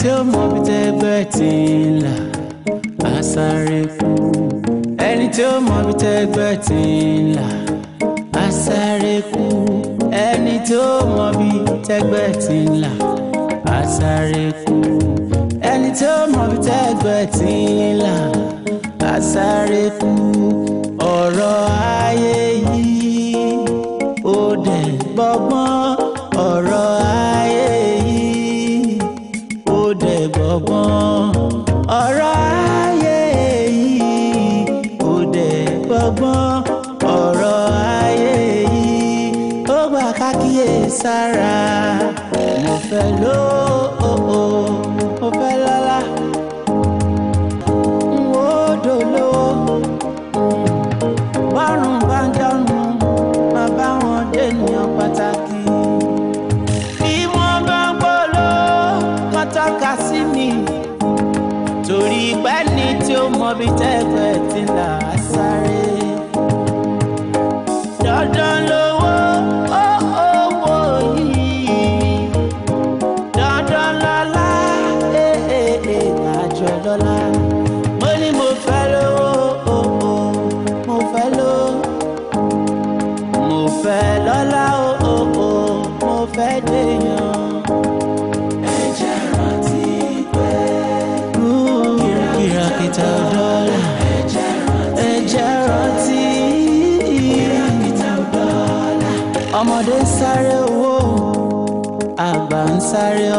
tí ó mọ bí tẹ́gbẹ́ ti ń là á sáré kú ẹni tí ó mọ bí tẹ́gbẹ́ ti ń là á sáré kú ẹni tí ó mọ bí tẹ́gbẹ́ ti ń là á sáré kú ẹni tí ó mọ bí tẹ́gbẹ́ ti ń là á sáré kú ọ̀rọ̀ ayé yìí. bitegwe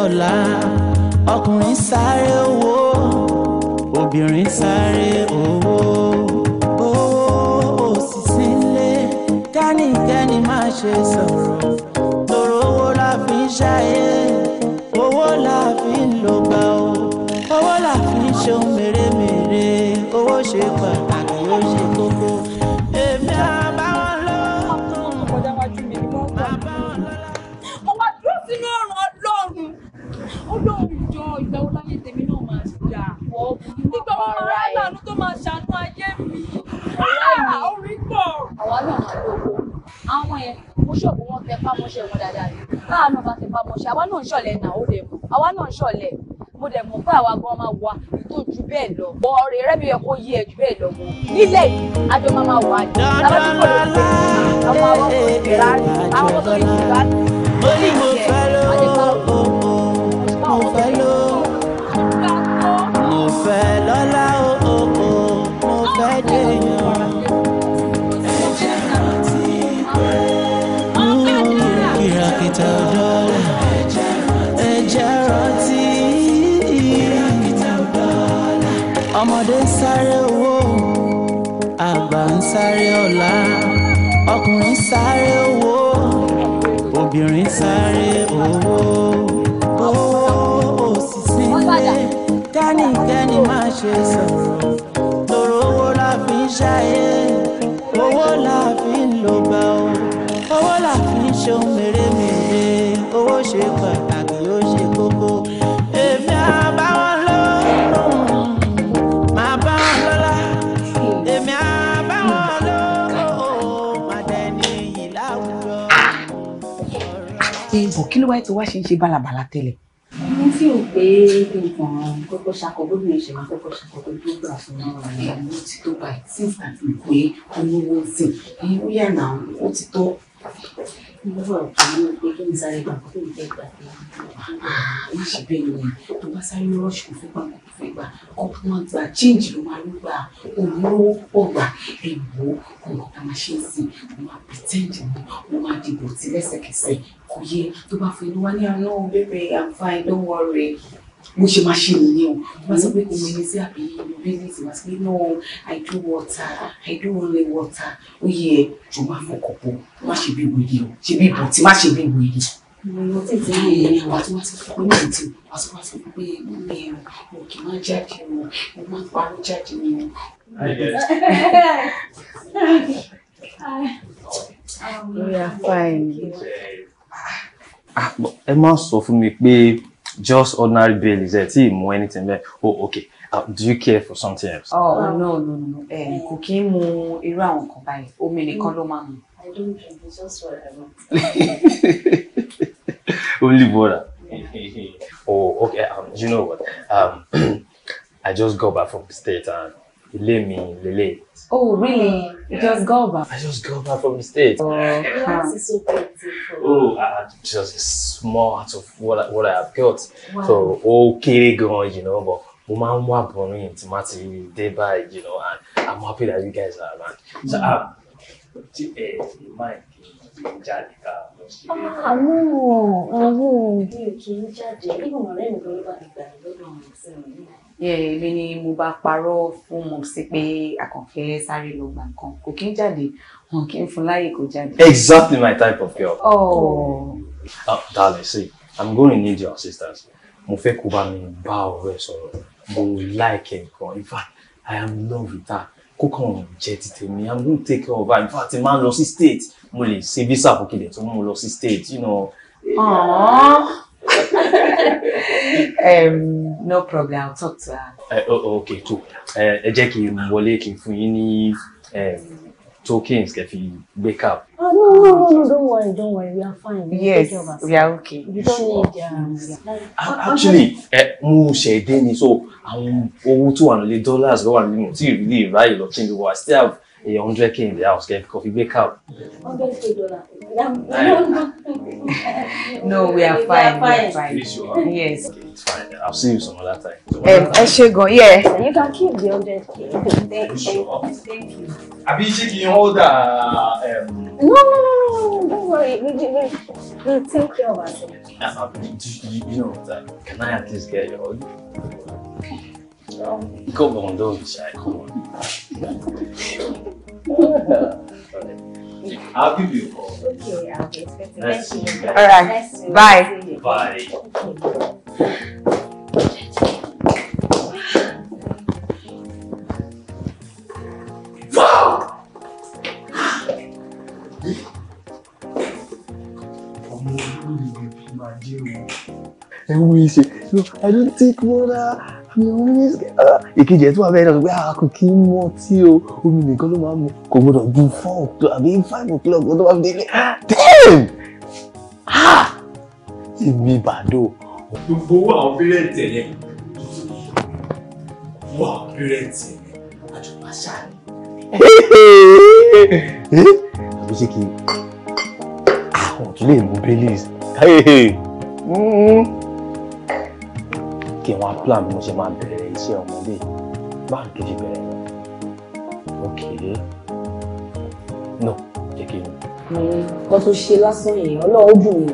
ọ̀la ọkùnrin sáré owó obìnrin sáré owó owó òsì sílé kẹ́nikẹ́ni má ṣe sọ̀rọ̀. ṣe àwa náà ń ṣọ̀lẹ náà ó dẹ̀ mọ̀ àwa náà ń ṣọ̀lẹ mo dẹ̀ mọ̀ pé àwa gan máa wà tó ju bẹ́ẹ̀ lọ bọ́ ọ̀rẹ́ rẹ́mi yẹ kó yí ẹ ju bẹ́ẹ̀ lọ mọ́ nílẹ̀ yìí àjọ máa máa wà ní tábàtúkọ̀ lórí àwọn àwọn ọmọ ìgbéra àwọn ọmọ ìgbéra mo ní mo fẹ́ lọ́wọ́ mo fẹ́ lọ́wọ́ mo fẹ́ lọ́lá o mo fẹ́ dèèyàn. sáré ọ̀la ọkùnrin sáré owó obìnrin sáré owó owó òsìsì nílé kẹ́nìkẹ́nì má ṣe sọ̀rọ̀ tòrò owó la fi ń ṣayé owó la fi ń lògbà o owó la fi ń ṣe ohun mèremère owó ṣe pàtàkì. kí ló wáyé tí wá ṣe ń ṣe bálabàla tẹ́lẹ̀. mo fi hàn pé nǹkan kọ́kọ́ ṣàkóbó mi ṣe máa kọ́kọ́ ṣàkóbó tó gbà fún ọ̀rọ̀ rẹ̀ ó ti tó báyìí tí ìgbà tó pé olówó ti ìwúyà náà ó ti tó ìṣẹ̀bẹ̀ ni kò yẹ tó bá fẹ́ ló wá ní àná bébè I'm fine don't worry mo ṣe máa ṣe nìyẹn o mm-hmm. wọ́n sọ pé kò mọ ẹni sí àbí yunifásitì wá sí pé no i do water i do only water ó yẹ ẹ ṣùgbọ́n àfọkọ̀pọ̀ má ṣe bí wòye o ṣe bí ìbọ̀tí má ṣe bí wòye. mo tètè ní ẹ̀yẹ wá tí wọ́n ti fún mi tí wá tí wọ́n ti fún mi ní ẹ̀rọ mo kì í má jáde o mo má parọ́ jáde ni o. we are fine. ẹ má sọ fún mi pé just ordinary bail is there mo anything bẹ́ẹ̀ oh okay uh, do you care for something else. oh no no no no eh, kò kí ń mu irú àwọn nǹkan báyìí omi nìkan ló máa ń mu. I don't drink it's just for only water. oh okay um, you know what um, I just got back from the state and ilé mi lélẹ̀. oh really you just got back. I just got back from the States. oh yeah, it's so beautiful. oh uh, just a small part of what I, what I have got. Wow. so okay, kéré you know but mo máa ń wá bọ̀rin tí má ti you know and I'm happy that you guys are around. so ti ẹ máa kì í jáde ká lọ sí. àwọn ah, àwọn mi ò kì í jáde ibùdó rẹ̀ ń gbé ìgbà ìgbà lọ́dọ̀ ọ̀hún sí mi èmi ni mo bá parọ́ fún mọ̀ sí pé àkànfẹ́ sáré lọ gbà nǹkan kò kí ń jáde wọn kì í fún láyè kó jáde. exactly my type of girl. oh. oh darling see i'm going to need your assistance mo fẹ́ kó bá mi bá ọ̀rẹ́ sọ̀rọ̀ mo like ẹ̀ gan in fact i am in love with her kó kàn jẹ́ ti tèmi i'm going to take care of her in fact máa ń lọ sí state mo lè ṣe visa fún kílẹ̀ tó mú lọ sí state you know. Yeah um, no problem, I'll talk to her. Uh, oh, okay, cool. Ẹ jẹ́ kí n wọlé kí n fún yín ní tokens kẹ́ fi wake up. Ah, no, no, no, no, don't worry, don't worry, we are fine. yes, we are okay. You don't need... Um, yeah. Actually, mo ṣẹ̀dé ni so àwọn owó two hundred nílé dollars ló wà nínú tí really ìráyè lọ kí n lè wà still have a hundred k in the house, get coffee, wake up. no, we are fine. We are fine. Yes. it's fine. I'll see you some other time. So um, Eshegon, eh, eh, yeah. You can keep the hundred k. Thank you. Sure? Thank you. hold the. Um... No, no, no, no. Don't worry. We, we, we, take care of ourselves. Ah, you, you know, can I at least get your? um, come on, don't decide. Come on. I'll give you a call. Okay, I'll Nice All right. Nice Bye. Bye. I don't Ah, ìkejì ẹ̀ tó wà bẹ́ẹ̀ náà sọ pé a ah, kò kí ń mọ tí o omi nìkan ló máa ń mu kò gbọdọ̀ ju four o'clock àbí five o'clock ló máa fi délé ah, damn ah èmi bàdó. gbogbo owó àwọn pírẹ̀ǹtì yẹn owó àwọn pírẹ̀ǹtì yẹn àjọpá ṣáà ni. àbí ṣé kí àwọn ò tún lè mú baileys. Mm-hmm kí n wá plan bí mo ṣe máa bẹ̀rẹ̀ iṣẹ́ ọmọdé báwo ni kí n ṣe bẹ̀rẹ̀ rẹ̀ ok no jẹ́ kí n. nǹkan tó ṣe lásán yẹn ọlọ́run dùn mí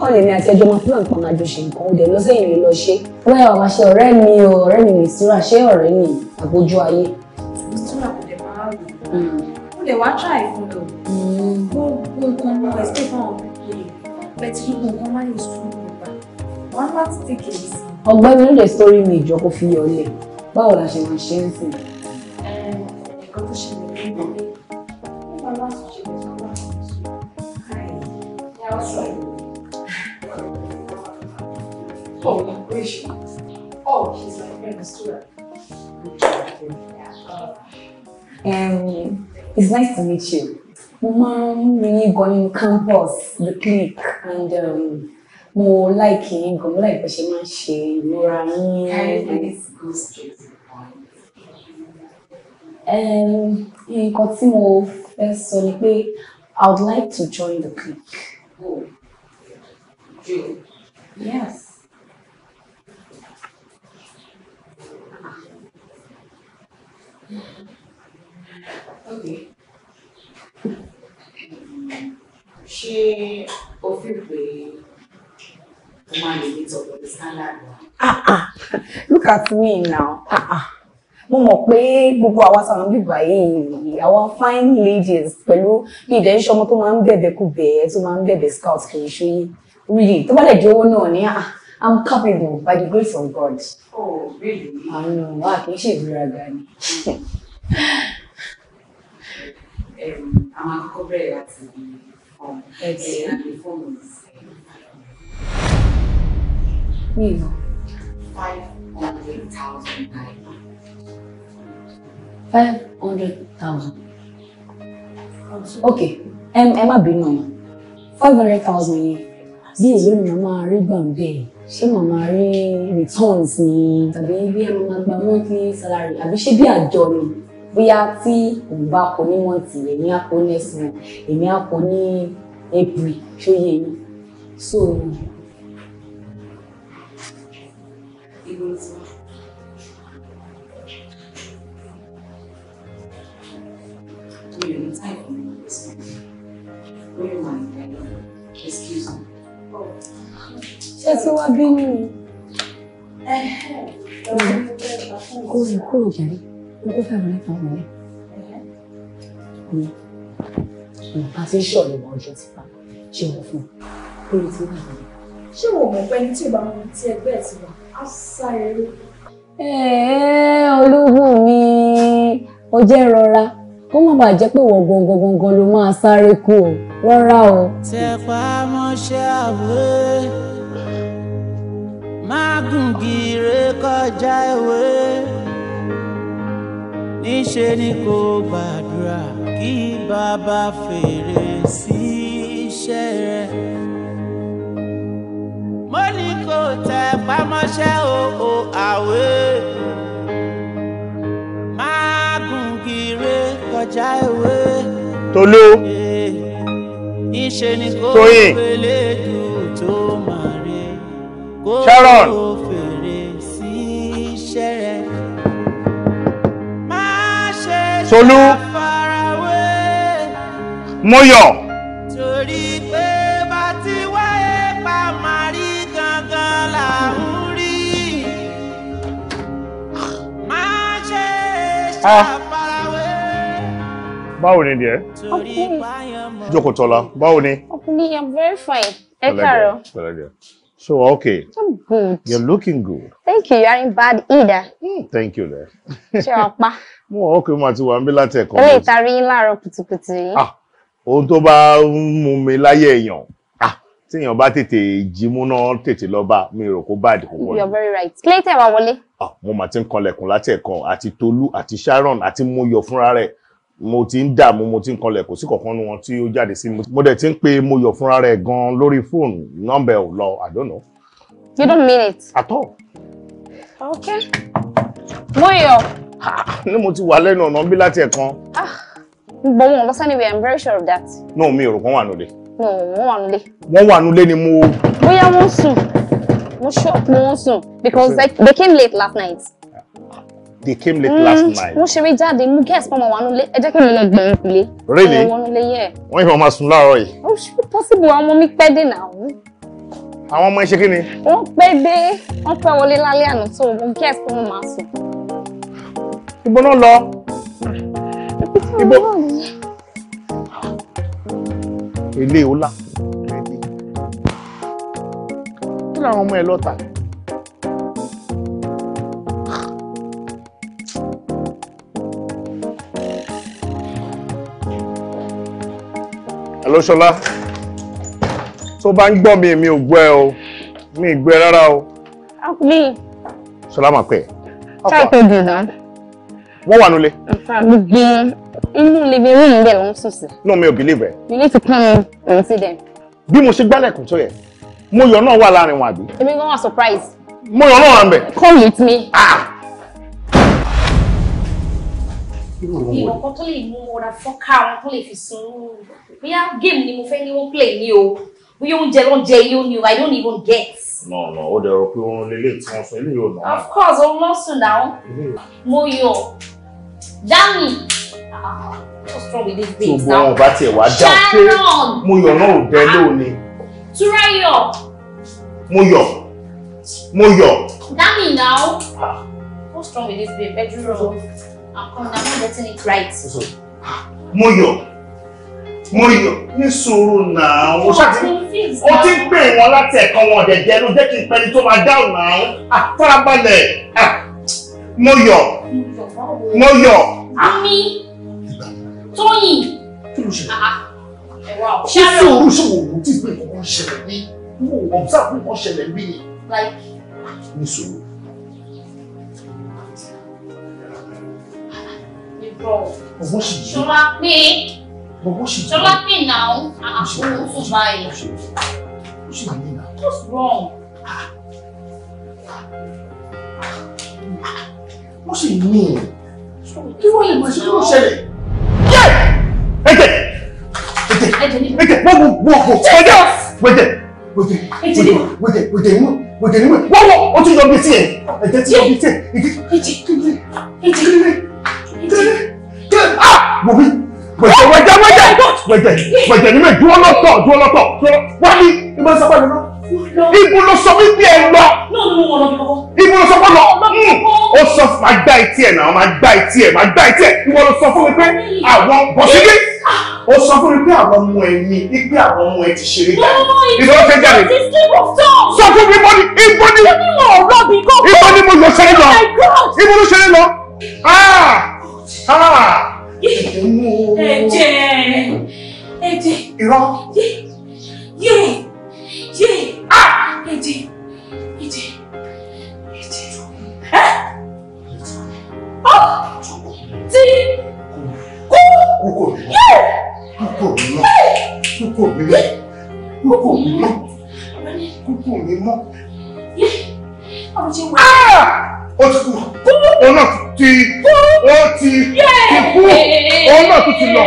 báwo lèmi àti ẹjọ́ máa plan pa máa jọ ṣe nǹkan ó dẹ̀ lọ sẹ́yìn lè lọ ṣe lọ́yà wàá ṣe ọ̀rẹ́ mi o ọ̀rẹ́ mi Mistura ṣé ọ̀rẹ́ mi àgbójú ayé. Mistura kò dẹ̀ máa rò hmm. ó lè wá try fún mi hmm. gbogbo nǹkan mọ ẹsẹ̀ fún àwọn òbí rẹ̀ bẹ́ẹ̀ tí gbogbo nǹkan máa ń yọ sùn nípa wọn láti tẹ̀kẹ̀ yìí sí ọgbẹ́ni ló lè sórí mi ìjọ kó fi yọlé báwo la ṣe máa ṣe ń sìn. ẹ̀ẹ́dẹ̀kan tó ṣe lè rí mi nígbà láti ṣe lè sọ láti sùn àìyá ọ̀sán Oh, gracious. Oh, she's my friend, Stura. Um, it's nice to meet you. Mom, we going campus, the clique, and um, mo like yín gan mo láì bẹ́ ṣe máa ṣe ìmúra yín. nǹkan tí mo fẹ́ sọ ni pé I would like to join the clique. Oh. Yes. Okay. ṣé o fi pè é? ah ah look at me now ah ah mo mọ̀ pé gbogbo àwa sàrán bíbá yìí àwa fine ladies pẹ̀lú bí ìdẹ́nsẹ́ ọmọ tó máa ń bẹ̀bẹ̀ kú bẹ̀ẹ́ tó máa ń bẹ̀bẹ̀ scout kiri ṣe yìí really tó bá lè jẹ́ owó náà ní ah i'm capable by the grace of god. oh really. àánú wa kì í ṣe ìgbéraga ni. àwọn akọ́kọ́ bẹ̀rẹ̀ láti ibi fọ́ọ̀mù ẹ̀ ẹ̀ àgbẹ̀ fọ́ọ̀mù mi lọ. five hundred thousand naira. five hundred thousand. ok ẹ má bínú ọ five hundred thousand yẹn bí èlé mi máa rí gbàǹgbẹ ṣé màmá rí returns ni tàbí bí monthly salary àbí ṣé be a journey. bóyá tí òun bá kọ ní mọ́ǹtì èmi á kọ ní ẹ̀sìn èmi á kọ ní so. you in time for me this morning. Very mind, excuse me. Ṣé tí wá bínú ni? Kó lè kó lè jàre, go kó fẹ́ rẹ̀ fún ọmọ rẹ̀. Ìgbà tí ń ṣọ̀lẹ̀ mọ ọjọ́ ti pa, ṣé wọ́n fún un? Lórí tí wà nìyẹn. Ṣé wo mọ̀ pé ní tí ìbámu ti ẹgbẹ́ ẹ̀ ti wà? Á sá eré. Ẹ̀ẹ́ ológun kó má bàa jẹ́ pé wọ́n gangan gangan ló máa sáré kú o rárá o. tẹpá mọ́ṣẹ́ àwẹ̀ máa kọjá ìwé níṣẹ́ ni kò gbàdúrà kí bàbá fèrè sí iṣẹ́ rẹ̀. mo ní kò tẹpá mọ́ṣẹ́ o o àwẹ̀. kọjá ìwé. Tolú. Iṣẹ́ eh, ni kò fèlè dùn tó máa rè. Sharon. Kò fèrè sí iṣẹ́ rẹ̀. Má ṣe ṣe àfarawé. Mọ́yọ̀. Torí pé bá ti wá ipa máa rí gangan là ń rí. Má ṣe ah. ṣe àfarawé báwo ni díẹ̀. jókòó tọ́lá báwo ni. Okay, i'm very fine ẹ káàárọ̀. so okay i'm good you're looking good. thank you you aren't bad either. Mm, thank you there. ṣé ọ̀pá. mo wà ókè mo àti wà ń bí láti ẹ̀kọ́. eré ìtarí láàárọ̀ kùtùkùtù yìí. ah ohun tó bá ń mú mi láyé èèyàn ah, tíyàn bá tètè jímúná tètè lọ bá mi rò kó bad kò wọlé. you're very right. kílẹ̀ wa wá Ah, mo mà ti ń kanlẹ̀kùn láti ẹ̀kan àti Tolú àti Sharon àti Muyọ̀ fúnra rẹ̀ mo ti ń dààmú mo ti ń kanlẹ̀ kò sí kankan nu wọn tí ó jáde sí mi mo dẹ̀ ti ń pe Moyọ̀ fúnra rẹ̀ gan-an lórí fóònù nọ́mbà ẹ̀ ò lọ I don't know. You don't mean it. At all. Okay. Moyọ̀. ní mo ti wà lẹ́nu ọ̀nà bí láti ẹ̀kan. Ah, gbọ́ wọn lọ sani we are very sure of that. no mi ò rò pé wọ́n wà nulẹ̀. no wọ́n wà nulẹ̀. wọ́n wà nulẹ̀ ni mo. bóyá wọ́n sùn mo ṣọ́ọ̀pù wọn sùn because they came late last night they came late mm, last night. wọ́n ṣeré jáde mú guest pọ́nmọ́ wà nulẹ̀ ẹ jẹ́ kí n lọ gbẹ̀rún kulé. really wọ́n nulẹ̀ yẹ. wọ́n yìí wọ́n máa sùn láàárọ̀ yìí. ó oh, ṣe possible àwọn ọmọ mi pẹ́ dé náà. àwọn ọmọ ṣe kí ni. wọ́n pẹ́ dé wọ́n pẹ́ wọlé lálẹ́ àná tó wọ́n guest pọ́nmọ́ máa sùn. ibo náà lọ. ibo ilé ìwúlà kí làwọn ọmọ ẹ lọ tà. Hello Ṣọlá. So bá ń gbọ́ mi, mi ò gbọ́ o. Mi ì gbọ́ ẹ rárá o. Akúlé. Ṣọlá máa pè é. Ṣáà pé dùn náà. Wọ́n wà nulẹ̀. Nfa gbogbo inú lebi rúùn níbẹ̀ ló ń sùn No, me ò believe ẹ. You need to come and see them. Bí mo ṣe gbálẹ̀kùn to yẹ, mo yọ̀ náà wà láàrin wọn àbí. Èmi gan wà surprise. Mo yọ̀ náà wà ń Come with me. Ah! ìwọ̀n kan tó lè mú ra fọ́ká wọn tó lè fi sun bóyá game ni mo fẹ́ ní wọ́n play ní o bóyá oúnjẹ ló ń jẹ yóò ní o I don't even get. no no ó dẹ̀rọ pé oorun lélẹ̀ tí wọ́n sọ eléyìí ò of course oorun lọ sùn náà mo yọ dami what's ah, wrong with these things now. ṣùgbọ́n ọba tiẹ̀ wá dáhùn pé mo yọ náà ò bẹ́ẹ̀ lónìí. túráyọ̀. mo yọ mo yọ. dami now what's ah, wrong with this babe bedroom. Akon, I'm not getting it right. So, Moyo. Ah, Moyo, ní sùúrù náà. O ṣá ti o ti ń pè wọ́n láti ẹ̀kan wọn ọ̀dẹ̀dẹ̀ ló jẹ́ kí n pẹ́ni tó máa dáhùn náà. Àfarabalẹ̀. Ah, Moyo. Ah, Moyo. Ami. Tóyìn. Kí ló ṣe? Ṣé sùúrù ṣe wò wò tí ìgbé ìkọ̀kọ̀ ṣẹlẹ̀ ní? Wọ́n ò ọ̀bùsà fún ìkọ̀ ṣẹlẹ̀ bí ni. Ní sùúrù. Bro. But what she did? Shola pay. But what she did? Shola pay now. Ah, she won't survive. What she did now? What's wrong? What she mean? Kí wọ́n lè mọ̀ sí kúrò ṣẹlẹ̀? Yẹ́! Ẹ̀jẹ̀! Ẹ̀jẹ̀! Ẹ̀jẹ̀! Wọ́n mú wọ́n kò ẹ̀jẹ̀! Wẹ̀jẹ̀! Wẹ̀jẹ̀! Wẹ̀jẹ̀! Wẹ̀jẹ̀! Wẹ̀jẹ̀ inú! Wẹ̀jẹ̀ inú! Wọ́n wọ̀! Ó tún yọ bí sí ẹ̀! Ẹ̀jẹ̀ ti yọ bí sí ẹ̀! Ẹ̀jẹ̀! Ẹ̀jẹ̀! Ẹ̀jẹ̀! mo wí oh! wẹ̀jẹ̀ wẹ̀jẹ̀ oh wẹ̀jẹ̀ wẹ̀jẹ̀ wẹ̀jẹ̀ níbẹ̀ dúró lọ́tọ̀ dúró lọ́tọ̀ wá ní ibà sábà lọ. ibo ló sọ wípé ẹ lọ ibo ló sọ fọ́ lọ hmm. ó sọ máa gbá etí ẹ̀ náà máa gbá etí ẹ̀ máa gbá etí ẹ̀ ìwọ ló sọ fún mi pé àwọn bọ̀sílẹ̀ ó sọ fún mi pé àwọn ọmọ ẹ̀ mi pé àwọn ọmọ ẹ̀ ti ṣeré jáde ìdọ́wọ́ fẹ́ jáde sọ fún mi bọ́ni ibo ni ibo ni mo lọ ṣeré lọ ibo oh ló ṣeré lọ ah ah ẹ̀jẹ̀ ẹ̀jẹ̀ irọ́ yé yé ah, ẹ̀jẹ̀ ẹ̀jẹ̀ ẹ̀jẹ̀ ẹ̀ ọ́ ti kú kú yé kú kú mi ó ti kú òun náà ti ó ti ti kú òun náà tún ti lọ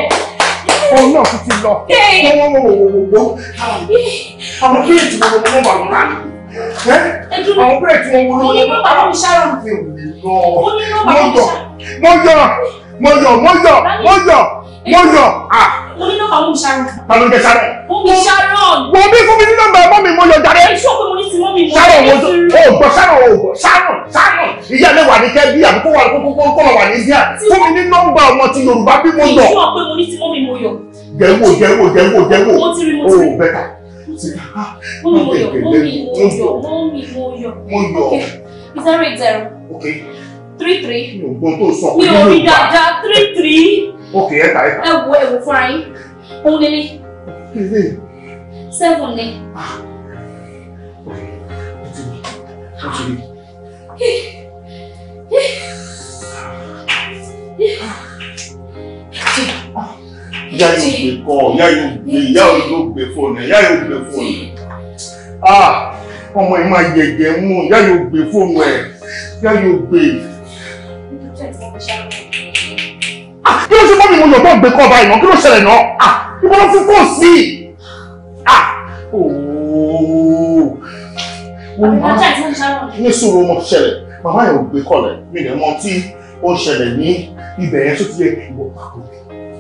òun náà tún ti lọ wọ́wọ́wọ́wọ́wọ́ àwọn bíi ètò wọn wọn wà lọ́la àwọn bíi ètò wọn wọn lọ́la mo yọ mo yọ mo yọ mo yọ mo yọ ah mo ní nọ́mbà mú mi ṣàrọ̀. báwo ni kẹ ṣàrọ̀. mú mi ṣàrọ̀. wo bí fún mi ní nọ́mbà mọ́ mi mo yọ jáde. èso pé mo ní ti mọ́ mi. ṣàrọ̀ wo o gbọ́ ṣàrọ̀ o gbọ́ ṣàrọ̀ ṣàrọ̀ ìyá mi wà ní kẹ́ bí àbí kó wà kó kó kó wà ní India fún mi ní nọ́mbà ọmọ ti Yorùbá bí mo yọ. èso pé mo ní ti mọ́ mi mo yọ. jẹ́wọ́ jẹ́wọ́ jẹ́wọ́ jẹ́wọ́ o bẹ́ta. mo mi mo yọ mo mi mo yọ mo yọ. zero eight zero. okay. three three. mi ò gbọ́ tó sọ. mi ò rí dáadáa three three ok ẹ ta ẹ ta. ẹ wo ẹ wo fúnra yín òun lélẹ̀. kílè. seven ni. Ah. Ah. Ah. ìyá yóò gbé kọ ìyá yóò gbé ìyá yóò gbé fóònù ìyá yóò gbé fóònù ọmọ ẹ máa yẹ̀yẹ̀ mú ìyá yóò gbé fóònù ẹ̀ ìyá yóò gbé. Ah, kí ló ṣe mọ́ mi mo yọ̀gbọ́n gbé kọ́ báyìí náà kí ló ṣẹlẹ̀ náà ah ìwọ ló fún fóònù sí ah ooo. ní sùúrù mo ṣẹlẹ̀ màmá yẹn ò gbé kọlẹ̀ mi lè mọ tí ó ṣẹlẹ̀ ní ibẹ̀ yẹn tó ti yẹ ìwọ pàkó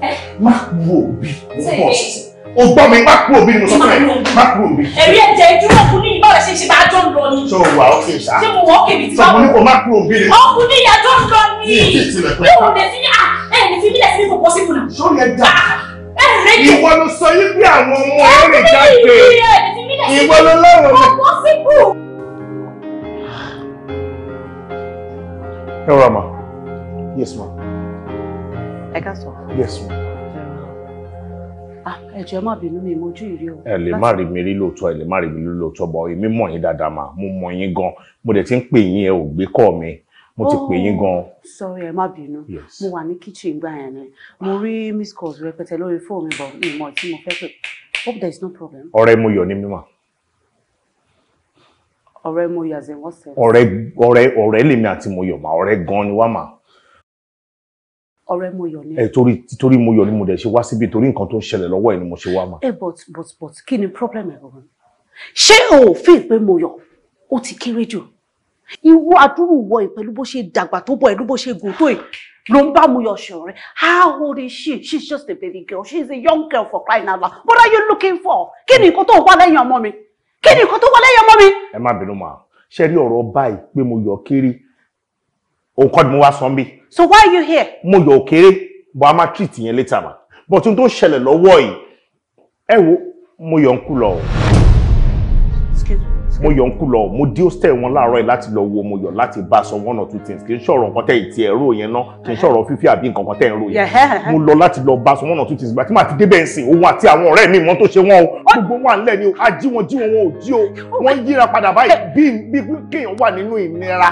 eh? má kú òbí o gbọ́ mi má kú òbí ni mo sọ fún ẹ má kú òbí. ẹ̀rí ẹ̀jẹ̀ ìdúró kún ní ìbára ṣe ṣe bá a jọ ń lọ ni. ṣé o wà ó kè sá ṣé mo wà ó kè mí tí bá wà. sọ mo ní kò má kú òbí ni. ọkùnrin ìyá jọ ń lọ ni. ní ìdí ìtìlẹ̀ pẹ́ fi mílẹ̀ sí kò pọ́sibú náà. ṣó yẹ dà ah! ìwọ ló sọ yí bí àwọn ọmọ rẹ̀ jáde ìwọ ló láwọn ọmọ. ẹ rọra ma yes ma. ẹ ká sọ. yes ma. Ah, ẹ jọ̀ọ́ má bínú mi mojú ìrí o. ẹ lè má rí mi rí lóòótọ́ ẹ lè má rí mi rí lóòótọ́ bọ́ èmi mọ̀ yín dáadáa mà mo mọ̀ yín gan mo dẹ̀ ti ń pè yín ẹ ò gbé kọ́ mi mo ti pè yín gan. Oh, sorry ẹ má bínú mo wà ní kitchen gbà yẹn ni mo rí miss calls rẹpẹtẹ lórí fóònù mi bọ mi mọ tí mo fẹ́ pè hope there is no problem. ọ̀rẹ́ mo yọ ní mímọ. ọ̀rẹ́ mo yọ as in what sense. ọ̀rẹ́ ọ̀rẹ́ lèmi àti mo yọ mà ọ̀rẹ́ gan ni wá mà. ọ̀rẹ́ mo yọ ni. ẹ torí torí mo yọ ni mo dẹ ṣe wá síbi torí nǹkan tó ń ṣẹlẹ̀ lọ́wọ́ ẹ ni mo ṣe wá mà. ẹ eh, but but but kí ni problem ẹ gbọ́n ṣé o ò fi mo yọ ó ti kéré jù ìwọ àdúrú wọ ẹ pẹ̀lú bó ṣe dàgbà tó bọ ẹ ló bó ṣe gùn tó ẹ ló ń bá mu yọ ṣọrẹ how old is she she's just a baby girl she's a young girl for crying out loud what are you looking for kí ni nǹkan tó wà lẹ́yìn ọmọ mi kí ni nǹkan tó wà lẹ́yìn ọmọ mi. ẹ má bínú màá ṣe rí ọ̀rọ̀ báyìí pé mo yọ kéré òun kọ́ ni mo wá sọ ń so why are you here. mo yọ kéré bó a máa treat yẹn later ma but n tó ṣẹlẹ̀ lọ́wọ́ yìí ẹ wo mo yọ ń kú lọ mo yọ̀ ń lọ mo dí hostel wọn láàárọ̀ yìí láti lọ wo mo yọ̀ láti bá a sọ one or two things kì í ṣọ̀rọ̀ nǹkan tẹ̀ ìtì ẹ̀rọ yẹn ná kì í ṣọ̀rọ̀ fífi àbí nǹkan kan tẹ̀ ẹ̀rọ yẹn mo lọ láti lọ bá a sọ one or two things gbàtí màá ti débẹ̀ nsìn òun àti àwọn ọ̀rẹ́ mi mọ́ tó ṣe wọ́n o gbogbo wà ńlẹ̀ ni o a jí wọn jí wọn wọn ò jí o wọ́n yíra padà báyìí bí kéèyàn wà nínú ìnira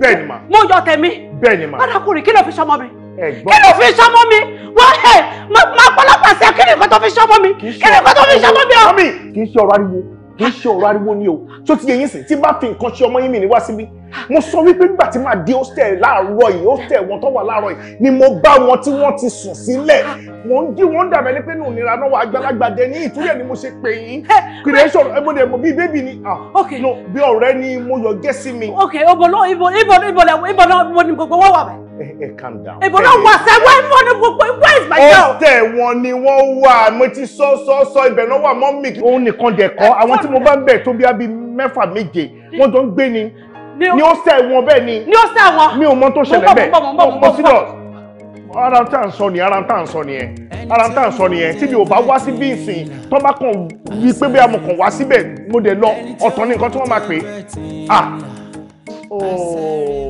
bẹ́ẹ̀ ni mà. mo yọ tẹ̀mí. bẹ́ẹ̀ ni mà. arákùnrin kí ló fi ṣọmọ mi kí ló fi sọmọ mi wọ́n ẹ̀ máa pọ́lọ́pàá sí ẹ kí ni nǹkan tó fi sọmọ mi kí ni nǹkan tó fi sọmọ mi o. kì í ṣe ọ̀rọ̀ ariwo kì í ṣe ọ̀rọ̀ ariwo ni o tó ti yẹ yín sìn tí bá fi nǹkan ṣe ọmọ yín mi ní wá síbí mo sọ wípé nígbà tí màá di hostel láàárọ̀ yìí hostel wọn tó wà láàárọ̀ yìí ni mo bá wọn tí wọ́n ti sùn sílẹ̀ wọ́n ń jí wọ́n ń dàbẹ̀ ní pé nù nira náà wà àgbàlagbà dẹ ní ìtúrẹ̀ ni mo ṣe pè yín creation ebode mo bí bébì ni ah, no bí ọ̀rẹ́ ni mo yọ gẹ́sí mi. ok ibo náà ibo ibo ibo náà ibo náà ibo ni gbogbo wọn wà bẹ́ẹ̀. Hey, eh, eh, calm down. ìbọ̀dọ̀ wà sẹ́ wọ́n mọ́ ní gbogbo where is my girl. ọ̀tẹ̀ wọn ni wọ́n wà mo ti sọ sọ sọ ibẹ̀ náà wà mọ́ mi. òun nìkan dẹ̀ kọ́ àwọn tí mo bá ń bẹ̀ tó bí abí mẹ́fà méje wọ́n jọ ń gbé ni ni ó sẹ́ wọn bẹ́ẹ̀ ni ni ó sẹ́ wọn mi ò mọ tó ṣẹlẹ̀ bẹ́ẹ̀ mo sílọ̀ ara tá à ń sọ ni ara tá à ń sọ ni ẹ ara tá à ń sọ ni ẹ tí mi ò bá wá sí bí ìsìn tó bá kàn wí pé bí amọ̀ kàn wá síbẹ̀ mo dẹ̀ lọ ọ̀tọ̀ ní nǹkan tí wọ́n máa pè é ah ooo.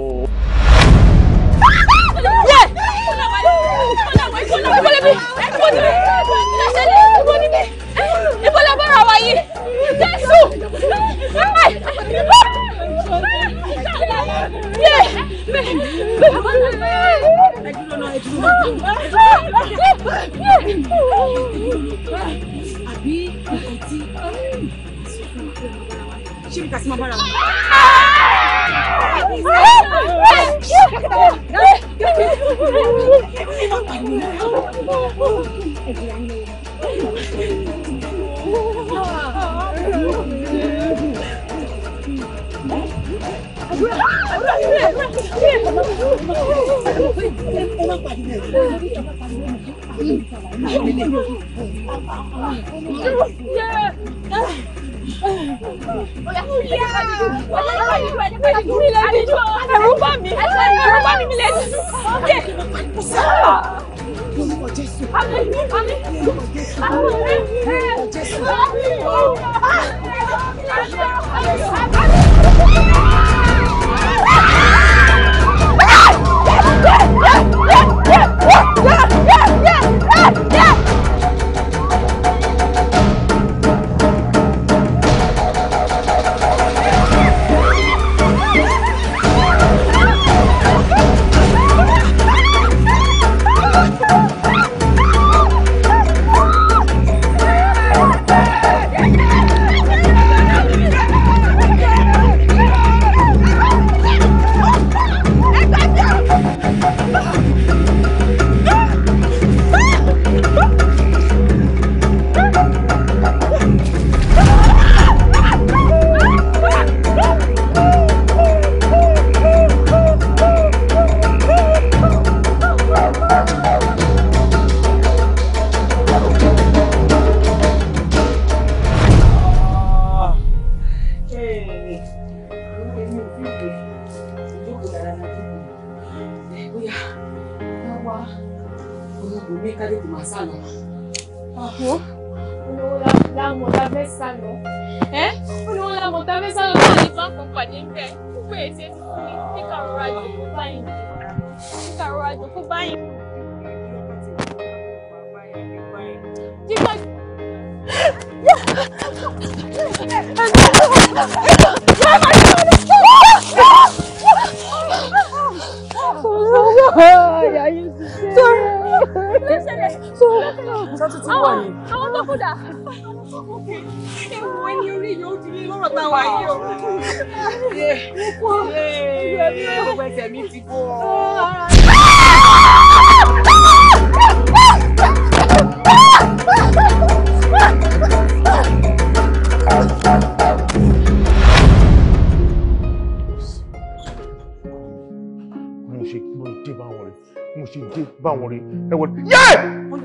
bá wọn rí ẹ wọlé yé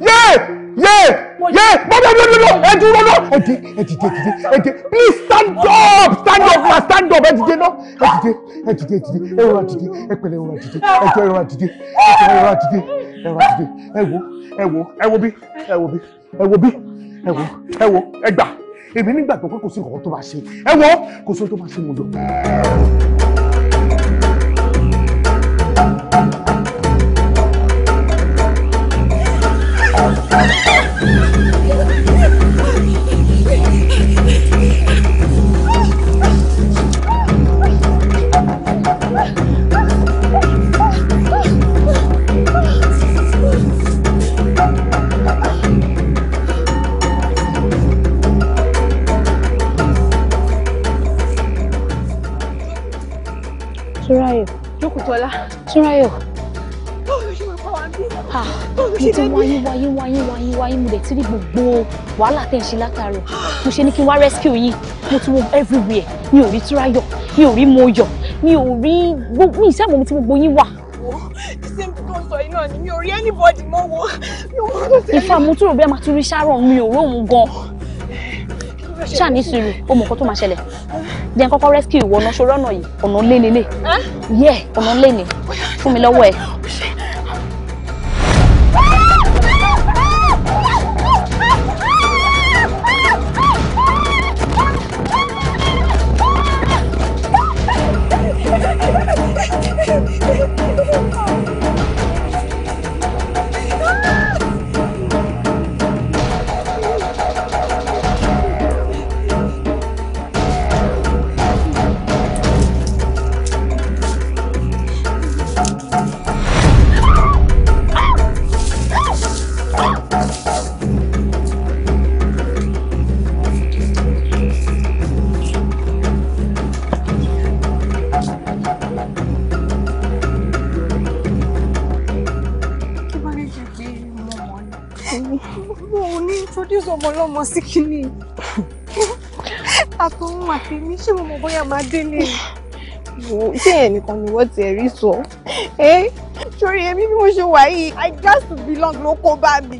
yé yé yé bọ́dọ̀ ló ló ló ẹ dúró lọ ẹ dé ẹ dìde dìde ẹ dé please stand up stand up na stand up ẹ dìde lọ ẹ dìde ẹ dìde dìde ẹ rọra dìde ẹ pẹ̀lẹ́ rọra dìde ẹ jọ rọra dìde ẹ jọ rọra dìde ẹ rọra dìde ẹ wo ẹ wo ẹ wo bí ẹ wo bí ẹ wo bí ẹ wo ẹ wo ẹ gbà èmi nígbàgbọ́ pé kò sí nǹkan tó máa ṣe ẹ wo kò sí nǹkan tó máa ṣe mo lọ. Túnráyọ̀ kí n tó wáyé wáyé wáyé wáyé wáyé mo dẹ̀ ti rí gbogbo wàhálà tẹ̀ ń ṣe látàrọ mo ṣe ní kí n wá rescue yìí mo ti wo everywhere mi ò rí túráyọ̀ mi ò rí mọ́yọ̀ mi ò rí gbogbo mi ìṣàmọ̀ mi ti gbogbo yín wà náà ni ìfà mo tún rò bí a máa tún rí sharon mi ò róhun gan. ṣáàní sùúrù o mọ̀ nǹkan tó máa ṣẹlẹ̀ jẹ́ kọ́kọ́ rescue ìwọ ọ̀nà ṣorọ́nà yìí ọ̀nà lé lélẹ̀ yẹ ọ̀nà lé ni fún mi lọ́wọ́ ẹ̀. ọmọ ọlọ́mọ sí kínní àtọ̀hún àti mi ṣé mo mọ̀ bóyá máa délé wò ó ṣé ẹ̀ nìkan ni wọ́n ti ẹ̀rí sọ ẹ́ sórí èmi bí mo ṣe wà yìí i just belong ló kó bá mi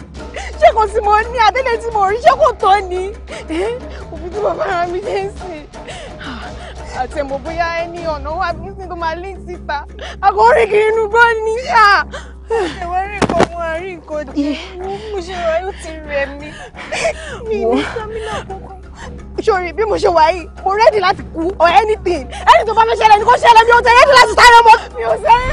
ṣé kò tí mo ní adélé tí mo rí ṣé kò tó ni òbí tí mo bára mi dé sí àtẹ̀mọ̀ bóyá ẹni ọ̀nà wà bí sí tó máa lé síta àkórí kiri inú gbọ́ ni ṣáà. Ah! nǹkan jẹ mo ṣe wà yóò ti rẹ mi mi ní stamina kankan. sori bí mo ṣe wà yìí mo rẹ́dì láti kú or anything ẹni tó bá fẹ́ ṣẹlẹ̀ ni kò ṣẹlẹ̀ mi ò tẹ̀ rẹ́dì láti sáré mọ́ mi ò sẹ́yìn.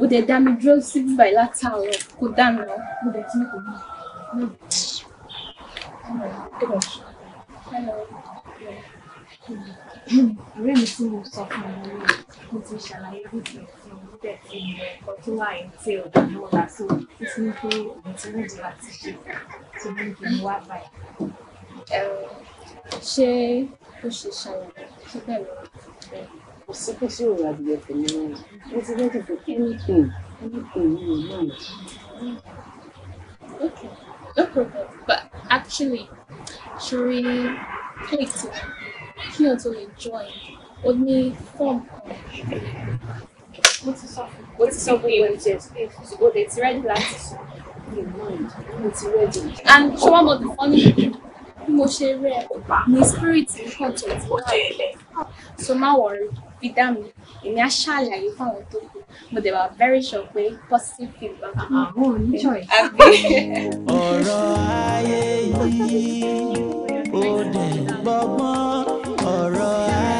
ó dẹ̀ dá mi dúró sí bíbáyìí látàárọ̀ kó dá mi lọ mo dẹ̀ tún kò mọ̀. ọ̀rẹ́ mi tí mo sọ fún ọ lórí mo ti ṣàlàyé bíbẹ̀ fún ọ bíbẹ̀ fún ọ ọkọ tó wà ní tí ò ní ọ̀la tó ti ní pé òun ti ní ìdí láti ṣe tó ní kí n wá báyìí. ṣé ó ṣe ṣàlàyé ṣé bẹ́ẹ̀ ló ń bẹ̀rẹ̀? sí pé ṣé òun adìyẹ kò ní wọn mo ti ready for anything anything you know now. okay no problem but actually ṣorí kéètì kí o tó lè join o ní form kan mo ti sọ fún mo ti sọ fún ìwé ìjẹ ṣùgbọ́n they ti ready láti sọ mo ti ready. and ṣé wọ́n mọ̀ the funny bí mo ṣe rẹ̀ ní spirit ní kàn tó so má worry fi dá mi èmi á ṣàlàyé fún àwọn tó kù mo dẹ̀ wà very sure pé positive feedback. àwọn ò ní choice. ọ̀rọ̀ ayé yìí ó dẹ̀ gbọ́gbọ́n ọ̀rọ̀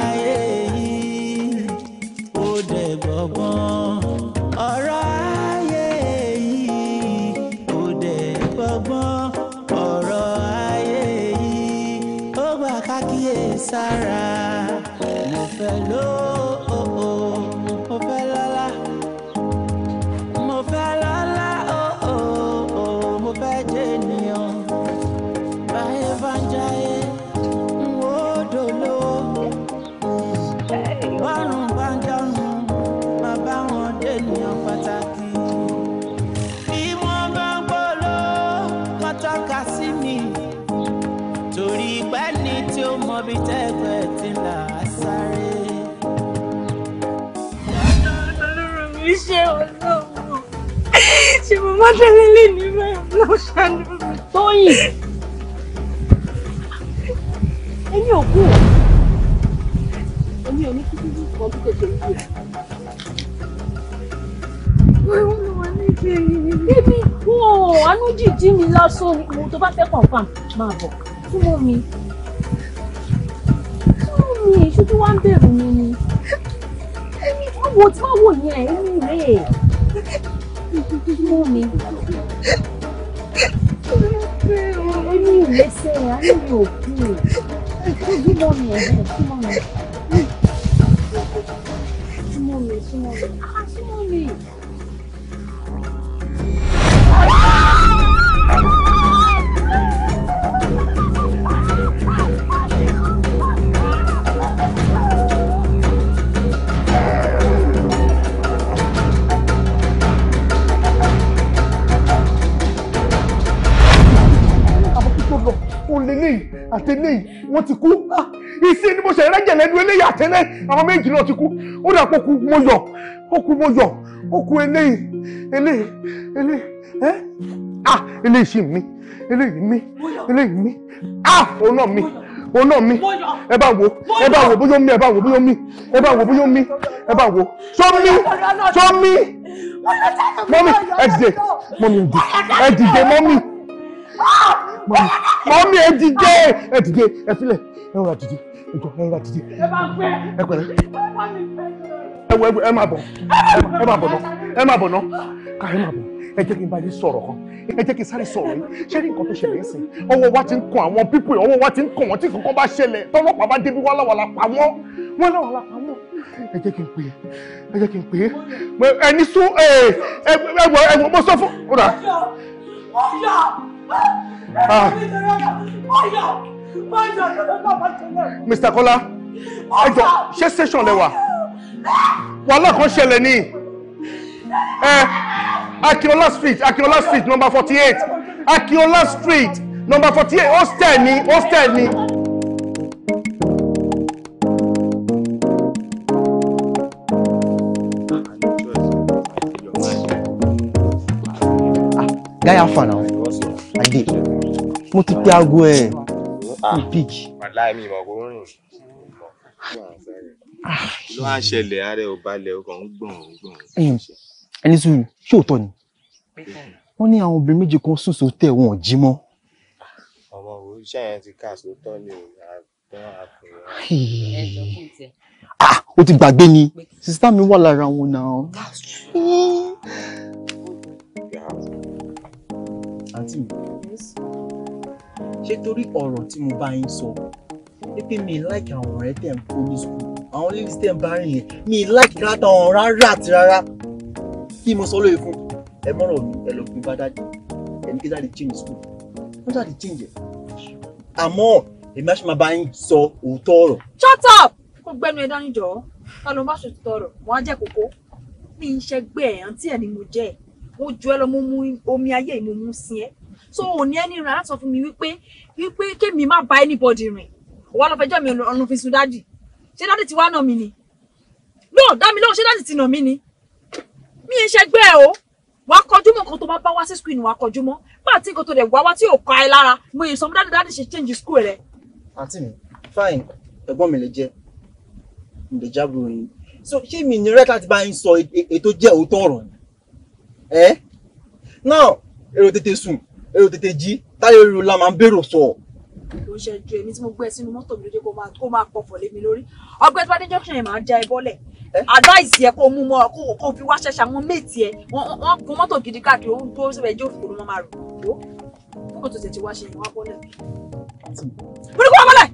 ayé yìí ó dẹ̀ gbọ́gbọ́n ọ̀rọ̀ ayé yìí ó dẹ̀ gbọ́gbọ́n ọ̀rọ̀ ayé yìí ó gbà kákíyèsára mo fẹ́ lóò. Màmá tẹ́lẹ̀ lè ní báyọ̀ náà ṣàánú. Tóyìn. Èmi ò kú. Èmi ò ní kí kí kan bí kò ṣe yí. Bébí kú o, àánú jìjí mi lásán ni mo tó bá fẹ́ kọ̀ǹfàm máa bọ̀. Súnmọ́ mi. Súnmọ́ mi, ṣojú wa ń bẹ̀rù mi ni. Èmi kò wò tí wọ́n wò yẹn, èmi rèé mọ́ mi. ó ní ìlẹ́sẹ̀ á ní mi ò kú ó bí mọ́ mi ẹ̀hún súnmọ́ mi súnmọ́ mi súnmọ́ àtẹlẹ yìí wọ́n ti kú ah, ìsí ni mo ṣe rẹ́jẹ̀ lẹ́nu eléyìí àtẹlẹ àwọn méjì náà ti kú ó dà pọ̀ kú mo yọ̀ ó kú mo yọ̀ ó kú eléyìí eléyìí eléyìí ẹ́ ah eléyìí sì mí eléyìí mí eléyìí mí ah òun náà mí òun náà mí ẹ bá wo ẹ bá wo bóyá mí ẹ bá wo bóyá mí ẹ bá wo bóyá mí ẹ bá wo sọ mí sọ mí mọ́mí ẹ dìde mọ́mí ẹ dìde mọ́mí. Ah! mọ́mí ẹ dìde ẹ dìde ẹ filẹ̀ ẹ rọra dìde ẹ jọ ẹ rọra dìde ẹ pẹ̀lẹ́ ẹ wọ ẹ máa bọ̀ ẹ máa bọ̀ náà ẹ máa bọ̀ náà ká ẹ máa bọ̀ ẹ jẹ́ kí n bá yín sọ̀rọ̀ kan ẹ jẹ́ kí n sáré sọ̀rọ̀ yìí ṣé ní nǹkan tó ṣẹlẹ̀ ẹ̀sìn ọwọ́ wa ti ń kan àwọn pípò ọwọ́ wa ti ń kàn wọ́n tí kankan bá ṣẹlẹ̀ tọ́lọ́pàá bá débi wàláwàlá pa wọ́n wàláwàlá pa wọ́n ẹ jẹ́ kí n pè é ẹ jẹ́ kí n pè é ẹni sún ẹ ẹ ẹ wọ ẹ wọ mo sọ fún. Ah. Mr. Kola, ẹ jọ ṣé station lẹ wà? Wàhálà kan ṣẹlẹ̀ ni. Ẹ Akinola street Akinola street number forty eight Akinola street number forty eight hostel ni hostel ni. guy have fun now dé mo ti pe aago ẹ ní ah. pig. ló á ṣẹlẹ̀ ààrẹ ò balẹ̀ o kàn ń gbọ̀n ń gbọ̀n. Hmm. ẹni sùúrù ṣé òótọ́ ni wọ́n ní àwọn obìnrin méje kan sùn sóòtẹ́ wọn ò jí mọ́. ọmọ òwúṣẹ́ yẹn ti kà sóòtọ́ ni o ah o ti gbàgbé ni sista mi wà lára wọn náà. àǹtí mi ṣé torí ọ̀rọ̀ tí mo bá yín sọ pé mi like àwọn ọ̀rẹ́ tẹ̀ ń kó ní sùkúl àwọn ladies tẹ̀ ń bá rìn yẹn mi like rárá àwọn rárá àti rárá kí mo sọ lóye fún ẹ mọ̀rọ̀ mi ẹ lọ gbé bá dájú ẹni kí dáàdi change sùkúl wọ́n dáàdi change ẹ̀ àmọ́ èmi àṣẹ máa bá yín sọ òótọ́ ọ̀rọ̀. shut up kó gbẹnu ẹ dání jọ̀ọ́ ká ló má ṣe òótọ́ ọ̀rọ̀ wọn á jẹ kókó mi ń ṣẹgbẹ ẹ àǹtí ẹ ni mo jẹ mo ju ẹ lọ mo mú omi ayé mi mú sí ẹ so ò ní ẹni rìn aláṣọ fún mi wípé wípé kémi má bá anybody rìn òwò àlọ́fẹ́jọ́ mi ọ̀nà fi sun dádì ṣé dádì ti wá nà mí ni no dámi lóhùn ṣé dádì ti nà mí ni mi ń ṣẹgbẹ́ ẹ o wàá kọjú mọ́ nǹkan tó bá bá wá sí screen wàá kọjú mọ́ bá àti nǹkan tó dẹ̀ wá wá tí ò kọ́ ẹ lára mo yè sọmọ dádì dádì ṣe change school rẹ. àǹtí mi fine ẹ̀gbọ́n mi lè jẹ́ mi lè jábọ̀ yín so ṣé mi ní rẹ́ta ti bá yín sọ ètò jẹ́ òótọ́ ọ̀rọ̀ ni ẹ́ náà èrò tètè sùn èrò tètè jí táyé èrò la máa ń bèrò sọ. ló ń ṣe ju èmi tí mo gbé sínú mọ́tò mi lójú kó máa pọ̀fọ̀ lé mi lórí ọgbẹ́ tí wọ́n dé junction yẹn máa ń já ẹ bọ́lẹ̀ advice yẹ kó mú mọ kó kó fi wá ṣẹṣẹ àwọn méètì ẹ wọn kó mọ́tò gidi káàkiri ó ń gbó síbẹ̀ ẹjọ́ òfin ló máa rò ó mọ́tò tó tẹ̀tí wá ṣe ìwọ́n bọ́lẹ̀. burúkú wọn bọ́lẹ̀.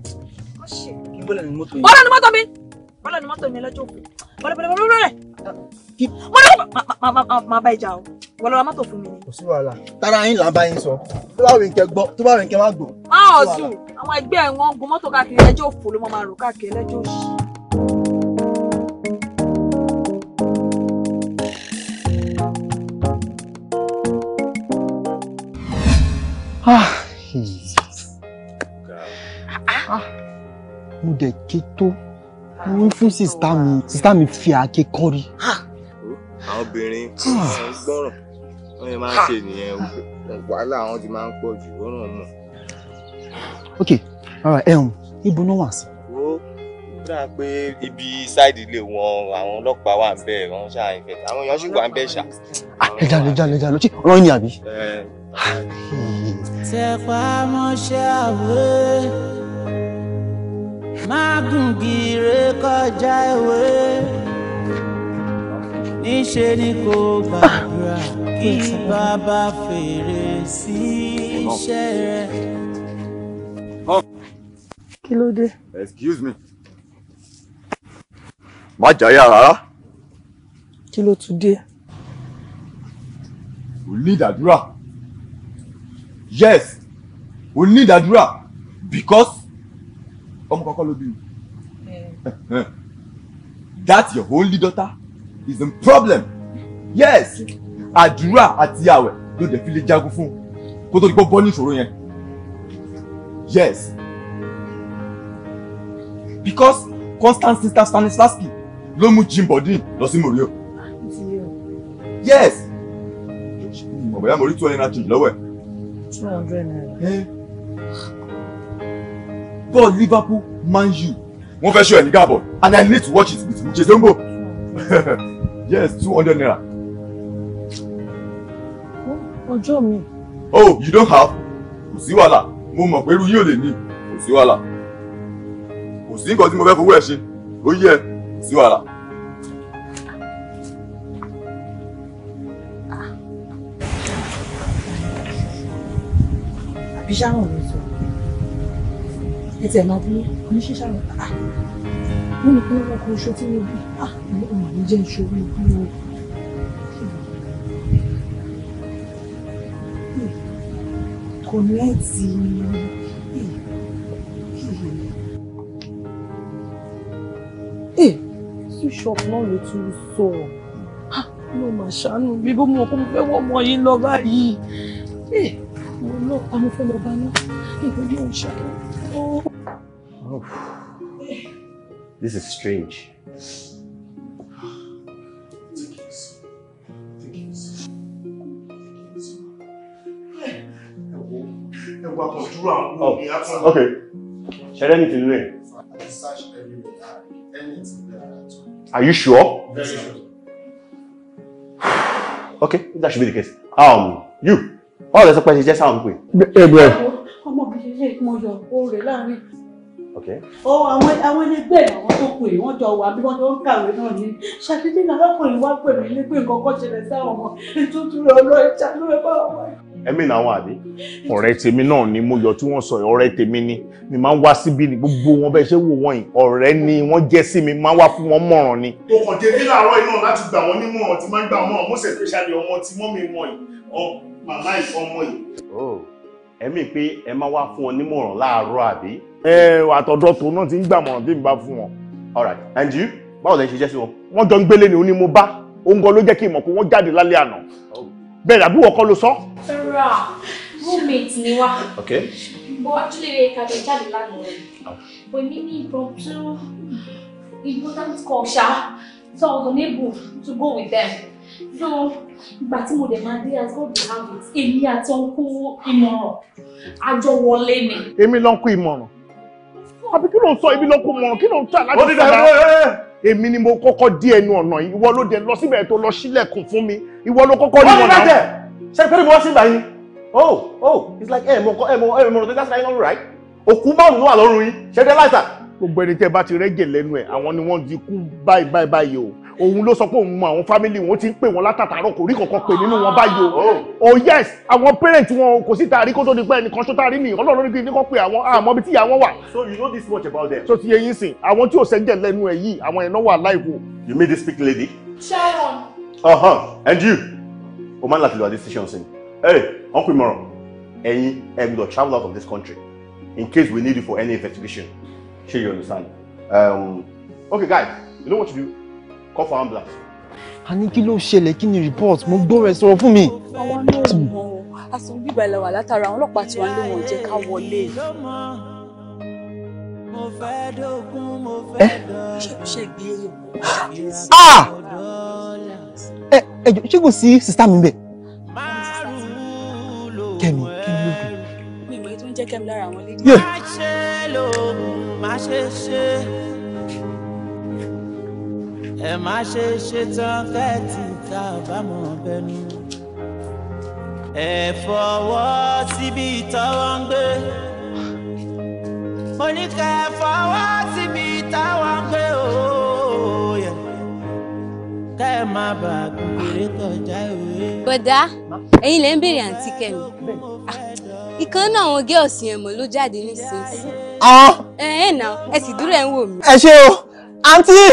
bọ́lẹ̀ ni mọ́tò mi. bọ́lẹ̀ ni mọ́tò mi bọ́lẹ̀ ni mọ́tò mi lọ́jọ́ òfin bọ́lẹ̀ bọ́lẹ̀ bọ́lẹ̀ bọ́lẹ̀. mo ní kó máa bá ìjà o wọ́n lọ́ra mọ́tò fún mi sí wàhálà tára yín là ń bá yín sọ tó bá wù kẹ́ gbọ́ tó bá wù kẹ́ má gbọ́. má ọ̀ sùn àwọn ẹgbẹ́ ẹ̀ wọ́n gun mọ́tò káàkiri ẹjọ́ òfò ló máa rò káàkiri ẹlẹ́jọ́ òṣì. Ah, ah, mo dẹ̀ ké tó mo wí fún sista mi sista mi fi àáké kọ́ rí. Ah, àwọn obìnrin gbọ́ràn wọ́n yẹn máa ń ṣe nìyẹn o wàhálà àwọn ti máa ń pọ̀ jù ó ràn mọ́. ok all right ẹ̀hún ibo náà wà sí. ó dà pé ibi ṣáìdì ilé wọn àwọn ọlọ́pàá wà ń bẹ̀ wọ́n ṣáà ń fẹ̀ àwọn èèyàn sì wà ń bẹ̀ ṣá. lẹ́jà lẹ́jà lẹ́jà lọ́tí ọ̀rọ̀ yín àbí. tẹpá mọ́ṣẹ́ àwẹ̀ mágùn gírè kọjá ìwé níṣe ni kò gbàdúrà ah, kí mm. bàbá fèrè sí iṣẹ́ rẹ̀. kí ló dé. excuse me má jáyà rárá. kí ló tún dé. o ní ìdádúrà yes we need adura because ọmọ kankan ló bí mi eh. that's your only daughter is the problem yes àdúrà àti àwẹ̀ ló dẹ̀ fi lè jagun fún kó tó di pé bọ́ ní ìṣòro yẹn yes because constant sister stanislavski ló mú jim bodin lọ sí morio yes mo bẹ̀rẹ̀ mo rí two hundred naira change lọ́wọ́ ẹ̀. two hundred naira. ball eh? liverpool man u wọ́n fẹ́ ṣọ́ ẹ̀ ní gáàbọ̀ and i need to watch it with uche zongo. yes two hundred naira. ọjọ́ mi. oh you don't have kò sí wàhálà mo mọ̀ pé irú yìí ò lè ní kò sí wàhálà kò sí nǹkan tí mo fẹ́ fowó ẹ̀ ṣe ó yẹ kò sí wàhálà. àbí ṣáwọn mi sọ ẹ tẹ̀ máa bí oníṣẹ́ ṣáwọn ah! mo ní kí wọ́n kọ oṣù tí mo bí. This is strange. dúró àwọn kúrò ní àtúnwò. ok ṣẹlẹ ní are you sure? very sure. okay that should be the case. Um, you all the surprise is just how i'm going. ẹ bẹ́ẹ̀. ọmọbìnrin ilé ìmọ̀ yọ̀ ọ́ rẹ̀ láàrin ó àwọn àwọn ẹ̀mí náà wà ní. ọ̀rẹ́ tèmi náà ni mo yọ tí wọ́n sọ ọ̀rẹ́ tèmi ni mi máa ń wá síbí ni gbogbo wọn bẹ́ẹ̀ ṣe wò wọ́n yìí ọ̀rẹ́ ni wọ́n jẹ́ sí mi máa ń wá fún wọn mọ̀ràn ni. o kàn dé bí láàárọ̀ iná láti gbà wọ́n nímọ̀ràn tí máa ń gbà wọ́n mọ̀ mọ́sẹ̀ tó ṣàlẹ̀ ọmọ tí mọ́ mi mọ̀ yìí màmá ìfọmọ yìí. ẹ̀mí pé ẹ máa wá fún wọn nímọ̀ràn láàárọ̀ àbí. ẹ all right and you báwo lẹ ṣe ni ó ní mo bá òun gan ló jẹ́ bẹ́ẹ̀ àbí wọ́n kọ́ ló sọ. ra roommate ni wá. ok. bó actually kàdé jáde lánàá rẹ̀ bó ní ní impromptu important call ṣá so I was unable to go with them so ìgbà tí mo dẹ̀ máa dé as God will have it èmi àti ọ̀nkú ìmọ̀ràn àjọ wọlé ni. èmi lọ́nkú ìmọ̀ràn àbí kí ló ń sọ èmi lọ́nkú ìmọ̀ràn kí ló ń tà láti sọ̀rọ̀ èmi ni mo kọ́kọ́ dí ẹnu ọ̀nà yìí ìwọ ló dé lọ síbẹ̀ tó lọ sílẹ̀kùn fún mi ìwọ ló kọ́kọ́ ní wọn ṣe pé mo wá sí ìgbà yín oh oh it's like ẹ̀ mo kọ́ ẹ̀ mo ẹ̀ mo rò pé that's not right òkú bọ́ọ̀lù ló wà lọ́rùn yín ṣe dé láìsà. gbogbo ẹni tẹ́ bá ti rẹ́jẹ̀ lẹ́nu ẹ̀ àwọn ni wọ́n di kú báyìí báyìí báyìí o òun ló sọ pé òun mọ àwọn fámìlì wọn ti ń pè wọn látàtàrọ kò rí kankan pè nínú wọn báyìí o o oh. oh, yes àwọn parent wọn kò síta rí kó tó di pé ẹnìkan ṣó tá nìyí ọlọ́run nígbà nìkan pé àwọn àmọ́ bí tíyà wọn wà. so you know this much about them. so ti yẹ yín sìn àwọn tí ò sẹ́jẹ̀ lẹ́nu ẹ̀ yìí àwọn ẹ̀nà wà láìwo. you made this big lady. sharon. ọ̀hán uh-huh. and you o máa ń láti lo decision sin hey uncle imoro ẹ̀yin ẹ̀ gbọ́dọ̀ travel out of this country in case we need you for any investigation ṣé you understand um, okay guys you know what to do call for ambulance. a ní kí ló ṣẹlẹ̀ kí ni report mo gbọ́ rẹ sọ̀rọ̀ fún mi. àwọn náà ò mọ àsùn bíbá ẹlẹ́wà látara àwọn ọlọ́pàá tí wọ́n lé wọn jẹ́ ká wọlé. ẹ eh? ṣe gbé ẹ ah! eh, ẹ jọ ṣé kò sí sista mi bẹ̀. kẹ́mi kẹ́mi ló mi ìwé tó ń jẹ́ kẹ́mi lára àwọn lédi ẹ má ṣe ṣetán kẹ́ẹ̀tì tá a bá mọ̀ bẹnu. ẹ fọwọ́ síbi tọ́wọ́ ń gbé. mo ní kẹ́ ẹ fọwọ́ síbi tọ́wọ́ ń gbé ooo. kẹ́ ẹ má bà gbèrè kọjá ìwé. bọ̀dá ẹ̀yin lẹ́ ń béèrè àǹtí kẹ́mi ah, ìkan náà àwọn girls yẹn mọ̀ ló jáde nísinsìnyí. ẹ ẹ nà ẹ sì dúró ẹ ń wò mí. ẹ ṣé o àǹtí.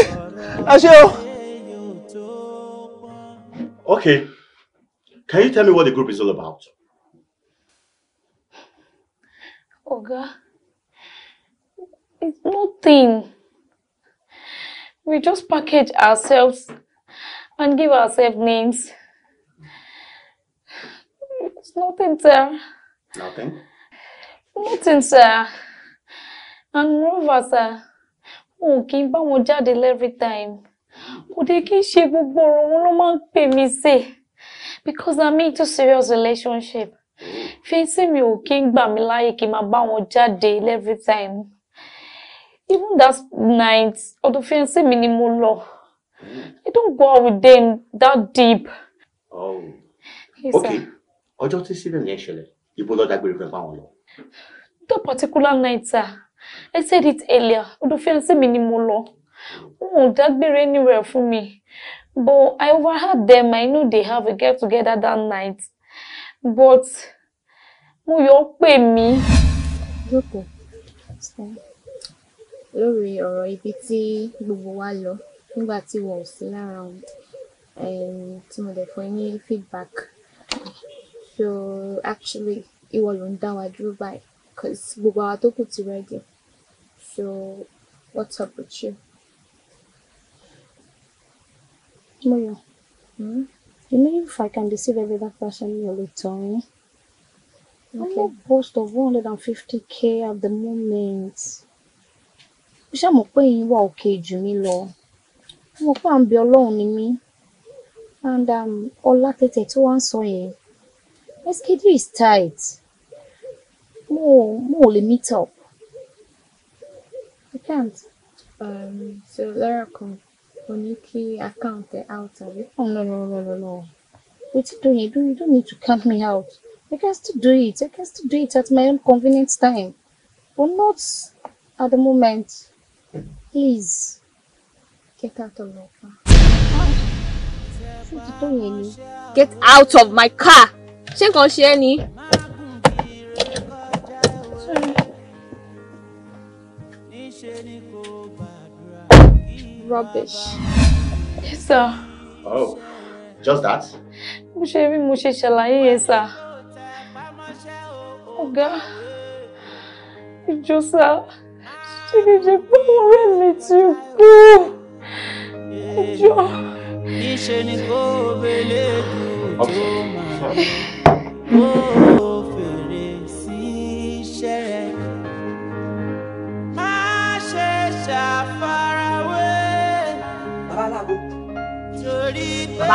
Asio. Okay. Can you tell me what the group is all about? Oga, it's nothing. We just package ourselves and give ourselves names. It's nothing, sir. Nothing? Nothing, sir. And moreover, sir, wọn ò kí ń bá wọn jáde every time kò dé kí n ṣe gbogbo ọ̀rọ̀ wọn ló máa ń pè mí sí because i'm into serious relationship fẹ́ǹsì mi ò kí ń gbà mí láàyè kí n máa bá wọn jáde every time even that night ọ̀dọ̀ fẹ́ǹsì mi ni mo lọ i don't go out with them that deep. Oh. Yes, ok ọjọ́ tí sílẹ̀ yẹn ṣẹlẹ̀ ibo lọ́ọ́ dágbére fẹ́ bá wọn lọ. that particular night sir. I said it earlier. Ọ̀dọ̀ fiancé mi ni mo lọ. Wọn ò dágbére anywhere fún mi. But I overheard them. I know they have a get together that night. But mo yọ pè mí. Jókòó lórí ọ̀rọ̀ ibi tí gbogbo wa lọ nígbà tí wọn ò sí lára wọn tí mo dẹ̀ fún ní feedback so actually it was on dá wa drew by, because gbogbo àwa tó kù ti rẹ́dì. So, what's up with you? Moyo, hmm? you know if I can deceive every other person, you'll return. Okay. I'm not boast of 150k at the moment. Mo ṣáà mọ̀ pé yín wà òkè jù mí lọ. Mo pa ń bi Ọlọ́run ni mí. And um, all that tó wá ń sọ My schedule is tight. Mo, mo ò meet up. Kent um Ceolera kan, ó ní kí account ẹ̀ out àbí? Oh, no, no, no, no, no. What you You don't, you don't need to count me out. I can still do it. I can still do it at my own convenient time. But not at the moment. Please, get out of my car. Ṣé ti tó Get out of my car! Ṣé nǹkan ṣe é ni? Rubbish. Yes, sir. Oh, just that? Mo ṣe rí mo ṣe ṣàlàyé yẹn, sir. Ọ̀gá, ìjọ sá, ṣe kìí ṣe pé ọ̀rẹ́ mi ti kú. Ìjọ. Níṣe ni kò bẹ̀lẹ̀ dùn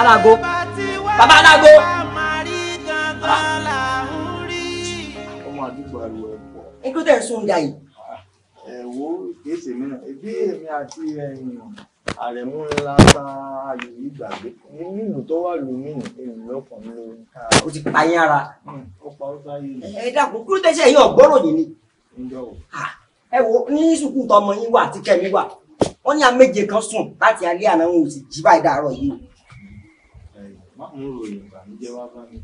alágo bàbá alágo. ọmọ àdúgbò ariwo ẹ pọ. ikú tẹ̀ sún da yìí. Ah, ẹ wo kéèsì mìíràn ebi èmi àti ẹ̀yìn àrẹ̀mú ńlá ta ayò ìgbàgbé nínú tó wà lómi ìlú lọ́kàn mi lórí. o ti pa yín ara. Hmm, ó pa ó sáyé mi. ẹ dàpọ̀ kúrú tẹ́sẹ̀ yìí ọ̀gbọ́rò yìí ni. ǹjọ́ o. Ah, ẹ wo ní sùkúù tọmọ yín wà tí kẹ́mi wà wọ́n ní àméje kan sùn láti alẹ́ àná wọn ò sì jí báyìí dàárọ̀ yìí má ń ròyìn ìbànújẹ́ wá bá mi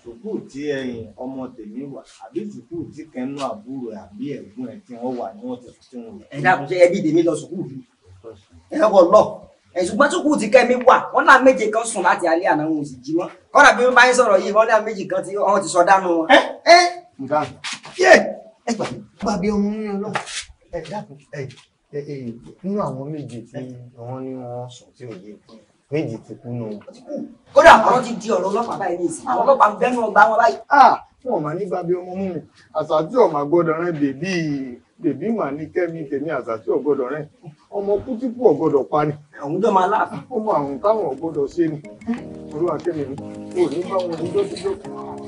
sùkúù tí ẹ̀yìn ọmọ tèmi wà àbí sùkúù tí kẹnu àbúrò àbí ẹ̀gbọ́n ẹ̀ tí wọ́n wà ní wọ́n ti tún wọn. ẹ dákun ṣe ẹbí tèmi lọ sùkúù yìí ẹ kọ lọ ṣùgbọ́n sùkúù tí kẹ́mi wà wọ́n náà méje kan sùn láti alẹ́ àná wọn ò sì jí mọ́ kọ́nà bí wọ́n bá ń sọ̀rọ̀ yìí wọ́n náà méje kan tí wọ́n ti sọ dánú wọn. ẹ ẹ nǹkan yé ẹ gbà bá bí ọmọ yín lọ ẹ dákun ẹ nínú àwọn méje tí wọ́n ní wọ́n sùn tí ò yé fún méjì ti kú nù. kódà ọ̀rọ̀ ti di ọ̀rọ̀ ọlọ́pàá báyìí ní ìsìn àwọn ọlọ́pàá ń bẹ́nu ọgbà wọn báyìí. fún ọmọ nígbà bí ọmọ mú mi àṣà tí ọmọ rẹ bèbí bèbí mà ní kẹmí tèmi àṣà tí rẹ ọmọ kútíkù ò pa ni. àwọn ṣe ni olúwa ní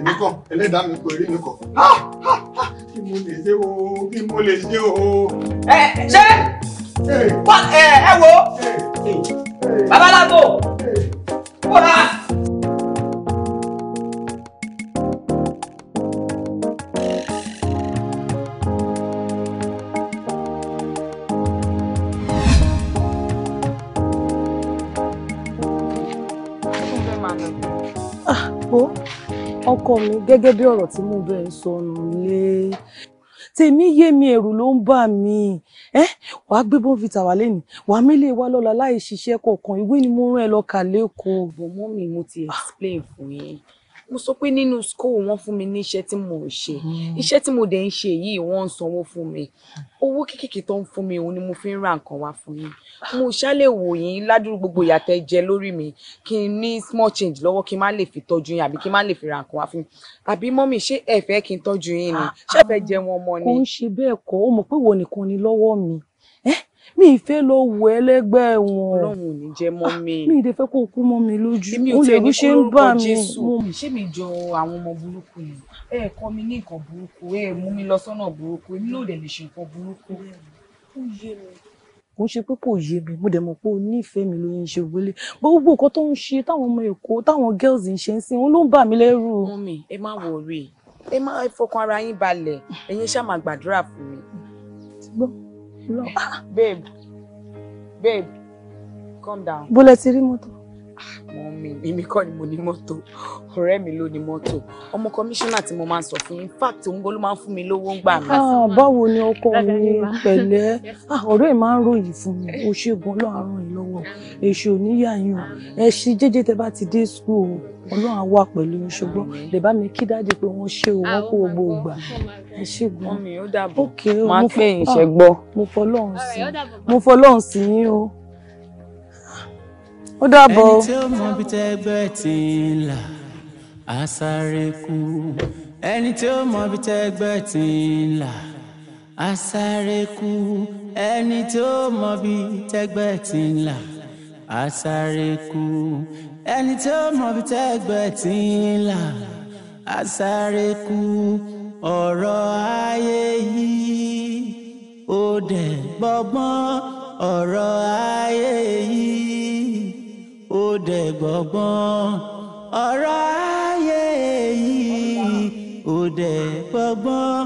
èmi kọ ẹlẹ́dàá mi kọ eré mi kọ kí mo lè ṣe o kí mo lè ṣe o. ṣé ẹ wo babaláwo kóra. ọkọ mi gẹ́gẹ́ bí ọ̀rọ̀ tí mo bẹ̀ ń sọnù lé tèmi yé mi ẹ̀rù ló ń bà mí ẹ wàá gbé bọ́ǹfìtà wà lẹ́nu wàá mélé e wa lọ́la láì ṣiṣẹ́ kọ̀ọ̀kan ìwé ni mo rán ẹ lọ lẹ́kọ̀ọ́. bọ̀mọ́ mo ti explain fún yín mo sọ pé nínú school wọ́n fún mi ní iṣẹ́ tí mo ṣe mm-hmm. iṣẹ́ tí mo dẹ̀ ń ṣe yìí wọ́n ń sanwó fún mi owó kéékèèké tó ń fún mi òun ni mo fi ń ra nǹkan wá fún yín mo ṣálẹ̀ wò yín ládùúgbò gbogbo ìyàtẹ̀ jẹ lórí mi kí n ní small change lọ́wọ́ kí n má lè fi tọ́jú yín àbí kí n má lè fi ra nǹkan wá fún yín àbí mọ́mì ṣé ẹ fẹ́ kí n tọ́jú yín ni ṣé ẹ fẹ́ jẹun ọmọ ni. kò ń ṣe bẹ́ẹ̀ kọ́ ó mọ̀ pé wo nìkan ni lọ́wọ́ mi mi ìfẹ́ lọ wọ ẹlẹ́gbẹ́ wọn. ọlọ́run ò ní jẹ́ mọ́ ah, mi. mi ìdè fẹ́ kó kú mọ́ mi lójú. èmi ò tẹ̀ ní orúkọ jésù. ṣé mi jọ àwọn ọmọ burúkú yìí ẹ kọ́ mi ní nǹkan burúkú ẹ mú mi lọ sọ́nà burúkú èmi náà ò dẹ̀ lè ṣe nǹkan burúkú. ó yé mi kò ń ṣe pé kò yé mi mo dẹ̀ mọ̀ pé o nífẹ̀ẹ́ mi ló ń ṣe wọlé gbogbo nǹkan tó ń ṣe táwọn ọmọ èkó táwọn girls ń ṣe ń sìn òun ló ń bà mí lẹ́rù. mọ́mì ẹ má wọrí ẹ má fọkàn ara yín balẹ̀ ẹ̀yin ṣáà máa gbàdúrà fún mi babe babe calm down. bó ti rí mọ́tò mọ́mì èmi kọ́ ni mo ní mọ́tò ọ̀rẹ́ mi ló ní mọ́tò ọmọ kọmíṣánná tí mo máa ń sọ fún in fact òun bó ló máa ń fún mi lówó ń gbà mí. Ah, báwo ni ọkọ mi pẹ̀lẹ́ ah, ọ̀rẹ́ máa ń ròyìn fún mi o ṣègùn ọlọ́run àrùn yìí lọ́wọ́ èṣù oníyàyàn ẹ jẹ́jẹ́ tẹ́ bá ti dé school ọlọ́run á wà pẹ̀lú ṣùgbọ́n lè bá mi kí dájú pé wọ́n ṣe òun kó ah, gbogbo ìgbà ẹ ṣègùn ókè mo fọlọ́run sí mo fọlọ́run sí yín o ó dàbọ̀. ẹni tí ó mọ bí tẹ́gbẹ́ ti ń là á sáré kú ẹni tí ó mọ bí tẹ́gbẹ́ ti ń là á sáré kú ẹni tí ó mọ bí tẹ́gbẹ́ ti ń là á sáré kú ẹni tí ó mọ bí tẹ́gbẹ́ ti ń là á sáré kú ọ̀rọ̀ ayé yìí ó dẹ̀ gbọ́gbọ́n ọ̀rọ̀ ayé yìí ó dẹ̀ gbọ́gbọ́n ọ̀rọ̀ ayé yìí ó dẹ̀ gbọ́gbọ́n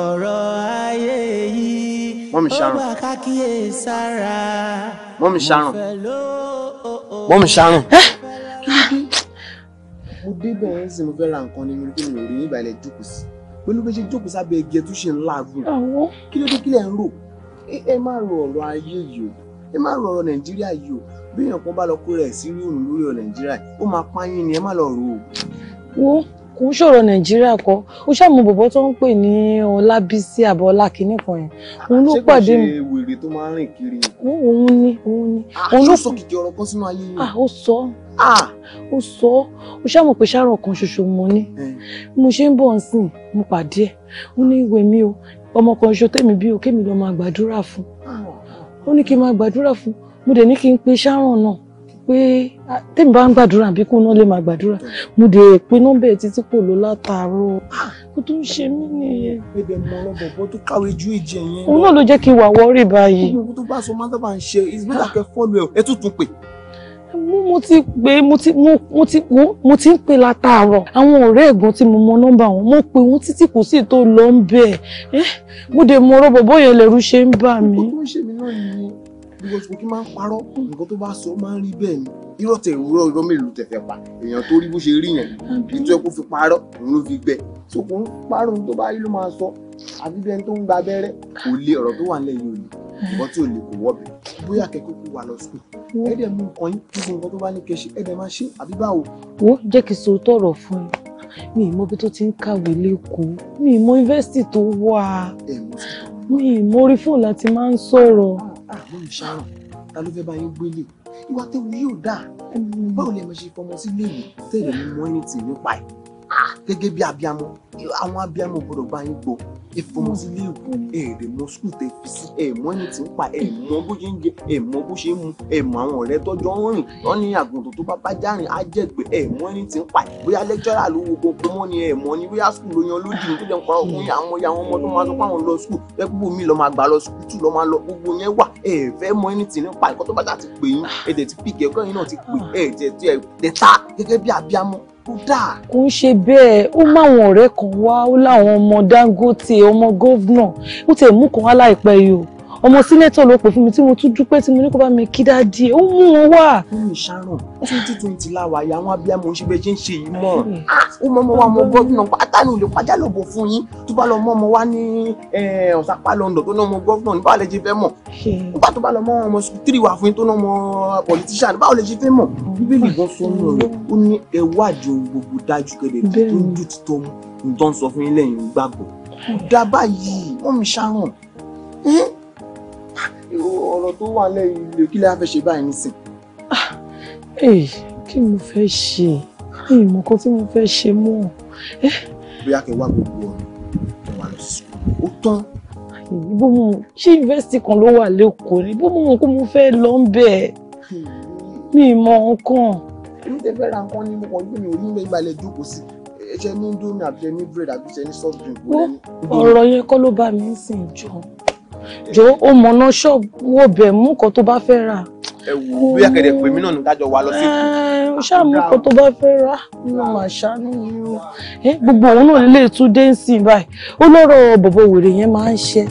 ọ̀rọ̀ ayé yìí ó bá kákíyè sára mo fẹ́ ló mọ́ mi ṣarun. mo ah! débẹ̀ ẹ́ sì mo fẹ́ ra nǹkan ni mo rí mi ò rí nígbà ilẹ̀ jókòó sí pẹ̀lú bí ṣe jókòó sábẹ́ igi ẹ̀ ṣe ń láàgùn kí ló dé kí lẹ̀ ń rò ẹ má ro ọ̀rọ̀ ayé yìí o ẹ má rọrọ nàìjíríà yìí o bí èèyàn kan bá lọ kó rẹ̀ sí ríònù lórí ọ nàìjíríà ó máa pààyàn ni ẹ má lọ rò ó. wo kò ń ṣòro nàìjíríà kọ ó ṣàmù bọ̀bọ̀ tó ń pè ní ọlábísí àbọ̀ ọlákìíní kan yẹn ah, òun ló pàdé mi. àṣekọ̀ṣe wèrè tó máa ń rìn kiri. òun ni òun ni. àṣọṣọ ah, kìkì ọ̀rọ̀ kan sínú ayé yìí. Ah, ó sọ ó sọ ó ṣàmù pé ṣàrọ̀ kan ṣoṣo mo ní eh. mo ṣe ń bọ̀ ń sìn mo pàdé ẹ̀ ó ní ìwé mi o ọmọ kan ṣoṣo tèmi bí o kémi lọ́ọ́ máa gbàdúrà fún ó ní kí n máa gbàdúrà fún mo dẹ̀ ní kí n pe sharon náà pé ah, tèmi bá ń gbàdúrà àbí kó náà lè máa gbàdúrà mo dẹ̀ pe nọ́mbà ẹ̀ títí kò ló látàárọ̀ ah, kó tó ń ṣe mí nìyẹn. ẹbẹ mọ ọlọbọ bó tó kàwé ju ìjẹ yẹn. òun náà ló jẹ́ kí n wà wọ́ọ̀rì báyìí. gbogbo tó bá sọ máa ń sábà ń ṣe ìsìnkú mo ti pè mo ti mo mo ti wo mo ti ń pè látàárọ̀ àwọn ọ̀rẹ́ ẹ̀gbọ́n tí mo mọ nọ́mbà wọn mo pè wọ́n títí kò sí tó lọ ń bẹ̀ ẹ́ eh, mo dẹ̀ mọ ọ̀rọ̀ bọ̀bọ̀ yẹn lẹ́rù ṣe ń bà mí. ó ń ṣe mí náà ni gbogbo ṣùgbọ́n kí n máa ń parọ́ nǹkan tó bá sọ máa ń rí bẹ́ẹ̀ ni irọ́ tẹ̀ irọ́ mélòó tẹ̀fẹ̀ pa èèyàn tó rí bó ṣe rí yẹn ètò ẹ̀kọ́ fi parọ́ òun ló fi gbẹ sókun parọ́ tó bá rí ló máa sọ àbí bẹ́ẹ̀ tó ń gba abẹ́rẹ́ kò lé ọ̀rọ̀ tó wà nílẹ̀ yìí ò ìwọ tí ò lè kó wọ́bẹ̀ bóyá kẹ́kọ̀ọ́ kó wà lọ sùkúl ẹ̀ẹ́dẹ̀ mú nǹkan yín gbogbo nǹkan tó bá ní kẹ́ ṣe ẹ̀ẹ́dẹ̀ máa ṣe àbí báwo. wo jẹ́ kí n sọ tọrọ fún ẹ mi ì mọ bí tó ti ń kàwé lẹ́kọ̀ọ́ mi ì mọ yunifásitì tó wà mi ì mọ orí fóònù láti máa ń sọ̀rọ̀. àmọ́ ah, ah, ìṣàrọ̀ ta ló fẹ́ bá yín gbélé ìwà tẹ́wọ́ yóò dáa báwo lè máa ṣe fọmọ sí ilé ìwé tẹ́lẹ̀ mú mọ́ Ah. gẹ́gẹ́ bí abiamọ àwọn abiamọ gbọ́dọ̀ bá yín gbọ́ ìfọmọsílẹ ìwò èrè mọ skul tẹ fi sí ẹmọ ẹni tí ń pa ẹmọ bó ṣe ń jẹ ẹmọ bó ṣe ń mu ẹmọ àwọn ọ̀rẹ́ tọjọ ń rìn wọn ní àgùntàn tó bá bá járìn á jẹgbẹ ẹni tí ń pa bóyá lẹ́kítọ́rà ló wo gbogbo mọ́ ni ẹmọ ni bóyá skul ló yan lódì ní tó jẹun pa ọkùnrin àwọn tó dáa. kò ń ṣe bẹ́ẹ̀ ó máwọn ọ̀rẹ́ kan wá ó láwọn ọmọ Dangote ọmọ gómìnà ó tẹ̀ mú kan wá láìpẹ́ yìí o ọmọ sínétọ̀ ló pè fún mi tí mo tún dúpẹ́ tí mo ní kó bá mi kí dáadé ó mú wọn wá. fún mi ṣáràn twenty twenty la wà yà àwọn abiyamọ oṣù bẹ́ẹ̀ ṣe ń ṣe yìí mọ́ ah, ó mọ ọmọ wa mọ gọ́vùnà pátá ní olè pàjá lọ́bọ̀ fún yín tó bá lọ mọ ọmọ wa ní ọ̀sápá lọ́ndọ̀ tó náà mọ gọ́vùnà ní báwo lè ṣe fẹ́ mọ̀ nígbà tó bá lọ mọ ọmọ tírì wà fún yín tó náà mọ pọlitíṣàn báwo lè ṣe fẹ́ mọ̀ bíbélì gan sọ ní ọ̀rọ̀ ó ní ẹwádìí gbogbo dájú kẹlẹ̀ ọ̀rọ̀ tó wà lẹ́yìn ilé kí lè fẹ́ ṣe báyìí nísìn. Ah, kí mo fẹ́ ṣe ìmọ̀ kan tí mo fẹ́ ṣe mọ́ ọ. Eh? bóyá kí n wá gbogbo ọ̀rọ̀ tó wà lọ sí ó tán. bó mo ṣe yunifásitì kan ló wà lẹ́kọ̀ọ́ ni bó mo mọ̀ pé mo fẹ́ lọ ń bẹ̀ mi mọ̀ nǹkan. èmi tẹ fẹ́ ra nǹkan ní mo kàn gbé mi ò ní ìgbàlẹ̀ jókòó sí ẹ̀ṣẹ̀ ní indomie àbí ẹ̀ṣẹ̀ ní bread àbí ní soft ọ̀rọ̀ yẹn kọ́ ló bá mi sìn jọ jọ ó mọ̀nà ṣọ́ọ̀bù wò bẹ̀ mú nǹkan tó bá fẹ́ rà. ẹ wo bí akẹ́dẹ̀ pè mí náà ní kájọ wa lọ sí. ẹ ṣáà mú nǹkan tó bá fẹ́ rà ló máa ṣàánú mi o. gbogbo òun náà lè tún dé nsìn báyìí ó lọ́rọ̀ bọ̀bọ̀ wèrè yẹn máa ń ṣe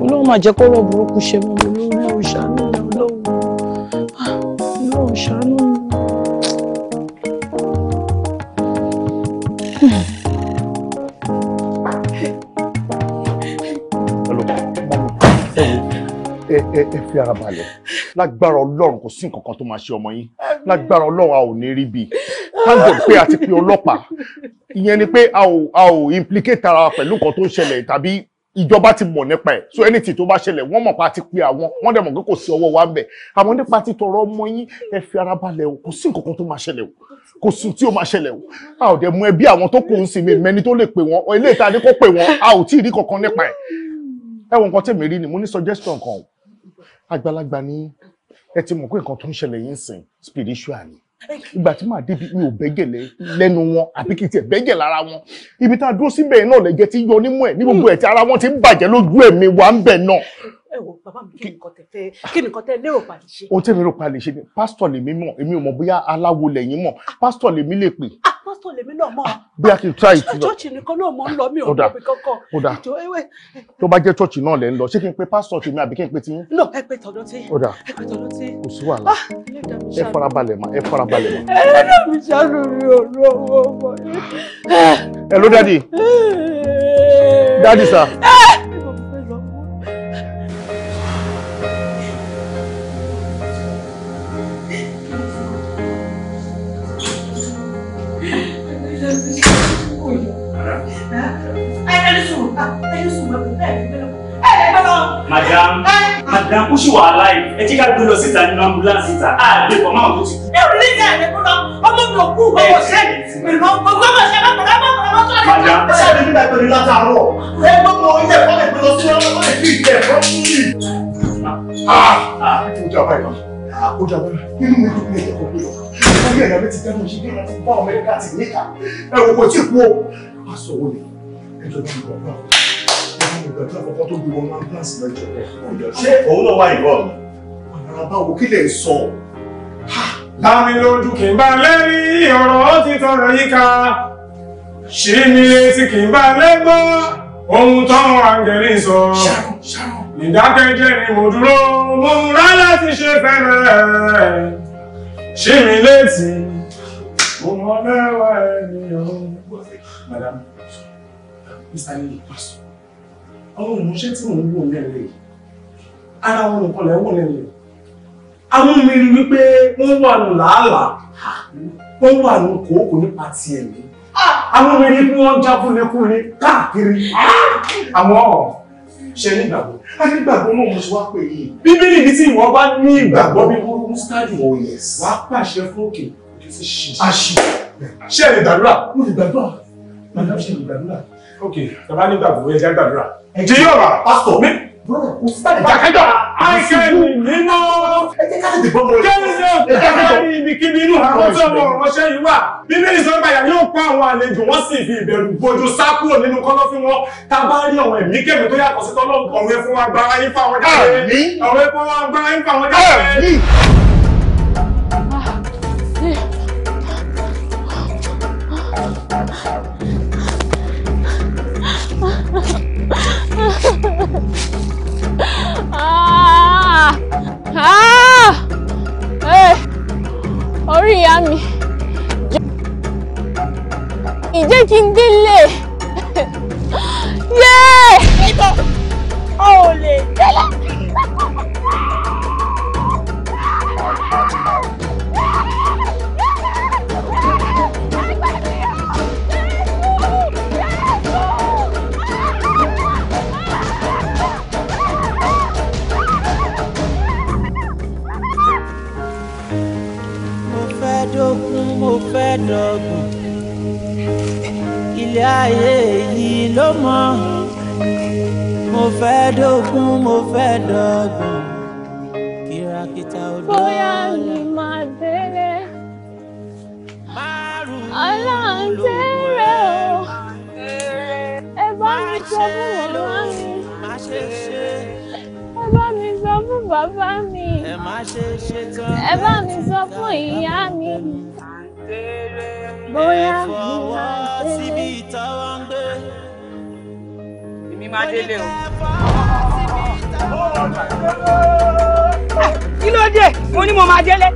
ó lọ́ọ́ máa jẹ́ kó rọ̀ burúkú ṣe mọ́ mi ẹ ẹ fi ara balẹ̀ lágbára ọlọ́run kò sí nǹkan kan tó máa ṣe ọmọ yín lágbára ọlọ́run a ò ní rí bi thank pé a ti pe ọlọ́pàá ìyẹn ni pé a ò a ò implicate ara wa pẹ̀lú nǹkan tó ń ṣẹlẹ̀ tàbí ìjọba ti mọ̀ nípa ẹ̀ so anything tó bá ṣẹlẹ̀ wọ́n mọ̀ pa ti pe àwọn wọ́n dẹ̀ mọ̀ pé kò sí ọwọ́ wa ń bẹ̀ àmọ́ nípa ti tọrọ ọmọ yín ẹ fi ara balẹ̀ o kò sí nǹkan kan tó máa ṣẹlẹ̀ o kò sí tí ó máa ṣẹlẹ̀ o a ò dẹ̀ mú ẹbí àwọn tó kù ń sìn mí mẹ́ni tó lè pè wọ́n eléyìí tá a ní pè wọ́n a ò tí ì rí kankan nípa ẹ̀ ẹ nǹkan tèmi rí ni mo ní suggestion kan o àgbàlagbà ni ẹ ti mọ̀ pé nǹkan tó ń ṣẹlẹ̀ yìí ń sìn spiritual ni ìgbà tí màá débi mi ò bẹ́gẹ̀lẹ́ lẹ́nu wọn àbí kìí tiẹ̀ bẹ́gẹ̀ lára wọn ibi tá a dúró síbẹ̀ náà lẹ́jẹ̀ ti yọ onímọ̀ ẹ̀ ní gbogbo ẹ̀ tí ara wọn ti ń bàjẹ́ lójú ẹ̀mí wa ń bẹ̀ náà ẹ wo bàbá mi kí nǹkan tẹ fẹ́ kí nǹkan tẹ lérò pa lè ṣe. ohun tí èmi rò pa lè ṣe ni pásítọ̀ lèmi mọ̀ èmi ò mọ̀ bóyá aláwo lẹ́yìn mọ̀ ah. pásítọ̀ lèmi lè pè. Ah, pásítọ̀ lèmi náà mọ̀. Ah, bí a kì í try ìtura. ṣọ́ọ̀ṣì nìkan náà mọ̀ ń lọ mi ò mọ̀ bí kankan. ó dà tó bá jẹ́ ṣọ́ọ̀ṣì náà lẹ́ ń lọ ṣé kí n pe pásítọ̀ tèmi àbí kí n pe tiyín. lọ ẹ pe tọ̀dọ̀ tí. ó dà kò sí wàhálà ẹ farabalẹ̀ mà ẹ farabalẹ̀ mà. ẹ lọ mi ṣàánú mi ò lọ́wọ́ ọmọ yìí. hello daddy eh. daddy sir. Eh. madam madam kó ṣì wà láì ẹ jẹ́ ká gbé lọ síta nínú ambulance síta àgbẹ̀ pọ̀ máa tó ti kú. ẹ ò ní ní àgbẹ̀ kúrò ọmọ mi ò kú ọmọ ṣẹ́ mi gbogbo ọmọ ṣẹ́ bá pẹ̀lú ọmọ ọmọ tó rẹ̀. madam ṣé ẹni nígbà tó ní látàárọ̀ ẹ gbogbo ilé ẹ̀kọ́ lè gbé lọ sí ọmọ lè fi ìtẹ̀ ẹ̀kọ́ mú mi. Ah! Ah! ó jà báyìí ó jà báyìí nínú mi dùn ní ẹ̀kọ́ pé ọmọ ẹ̀yà mi ti dẹ́nu ṣe bí wọ́n ti bá ọmọ ẹ̀ká ti níta ẹ̀ wò kò tí ì kú o. aṣọ wo ni ẹjọ́ ti wọ̀ náà ṣé òun náà wá ìbọ̀? àrà báwo kí lè sọ? Bámi lójú kì í bá lẹ́rí ọ̀rọ̀ ti tọrọ yíká. Ṣí mi létí kì í bá lẹ́gbọ́ ohun táwọn àǹgẹ̀lì sọ. Ìdákẹ́jẹ́ ni mo dúró, mo múra láti ṣe fẹ́rẹ̀. Ṣí mi létí, mo mọ mẹ́wàá ènìyàn. Madam, Mr. Lily, pastor àwọn ìmúṣẹ́ tí mò ń wò lẹ́lẹ̀ ara wọn nìkan lẹ́ wò lẹ́lẹ̀ àwọn mi rí wípé wọ́n wà nù làálàá wọ́n wà nù kòókò nípa ti ẹ̀mí àwọn mi rí bí wọ́n jábúlékúlé káàkiri àmọ́ ṣe nígbàgbọ́ a nígbàgbọ́ náà mo ṣe wá pé yìí bíbélì ní tí ìwọ bá ní ìgbàgbọ́ bí wọ́n mú stádì wàá pàṣẹ fún òkè òkè sí ṣe ṣe lè gbàdúrà mo lè gbàdúrà màdàm ṣe lè gbàdúrà ok bàbá nígbà gbogbo ẹja gbàdúrà. jí yóò wà. pásítọ̀ mi. bọ́lá kò sí tàbí. jàkẹ́jọ́ àìkẹ́ nínú. ẹ jẹ́ ká tètè bọ́ bọ́lá. kẹ́hìndé ìtàkùn ibikíbi inú àkóso ọmọ ọ̀rọ̀ṣẹ́ yìí wà. bíbélì sọ báyà yóò pa àwọn àlejò wọn sì fi ìbẹ̀rù bojú sá kúrò nínú kọ́lọ́fín wọn tá a bá rí àwọn ẹ̀mí kẹ́mi tó yàtọ̀ sí tọ́lọ́ ọ̀rọ̀ ẹ̀fọ́ wa gbára yín fáwọn jáde. ọ̀rọ̀ ẹ̀fọ́ wa gbára yín fáwọn jáde. Thank ah, you ah! ah! Eh! orí ìyá mi ìjẹ́ kí n délé yéé. ibo ò lè délé. mẹ́ẹ̀ẹ́dọ́gbọ̀n ilé ayé yìí ló mọ̀ mo fẹ́ dógún mo fẹ́ dọ́gbọ̀n kìràkìtà odò. bóyá ni màá délé aláǹtẹ̀rẹ̀ o ẹ bá mi sọ fún màmá mi ẹ bá mi sọ fún bàbá mi ẹ bá mi sọ fún ìyá mi bóyá ìwà síbi ìtawà ń gbé. èmi máa délé o. Ah, kí ló dé mo ní mo máa délé.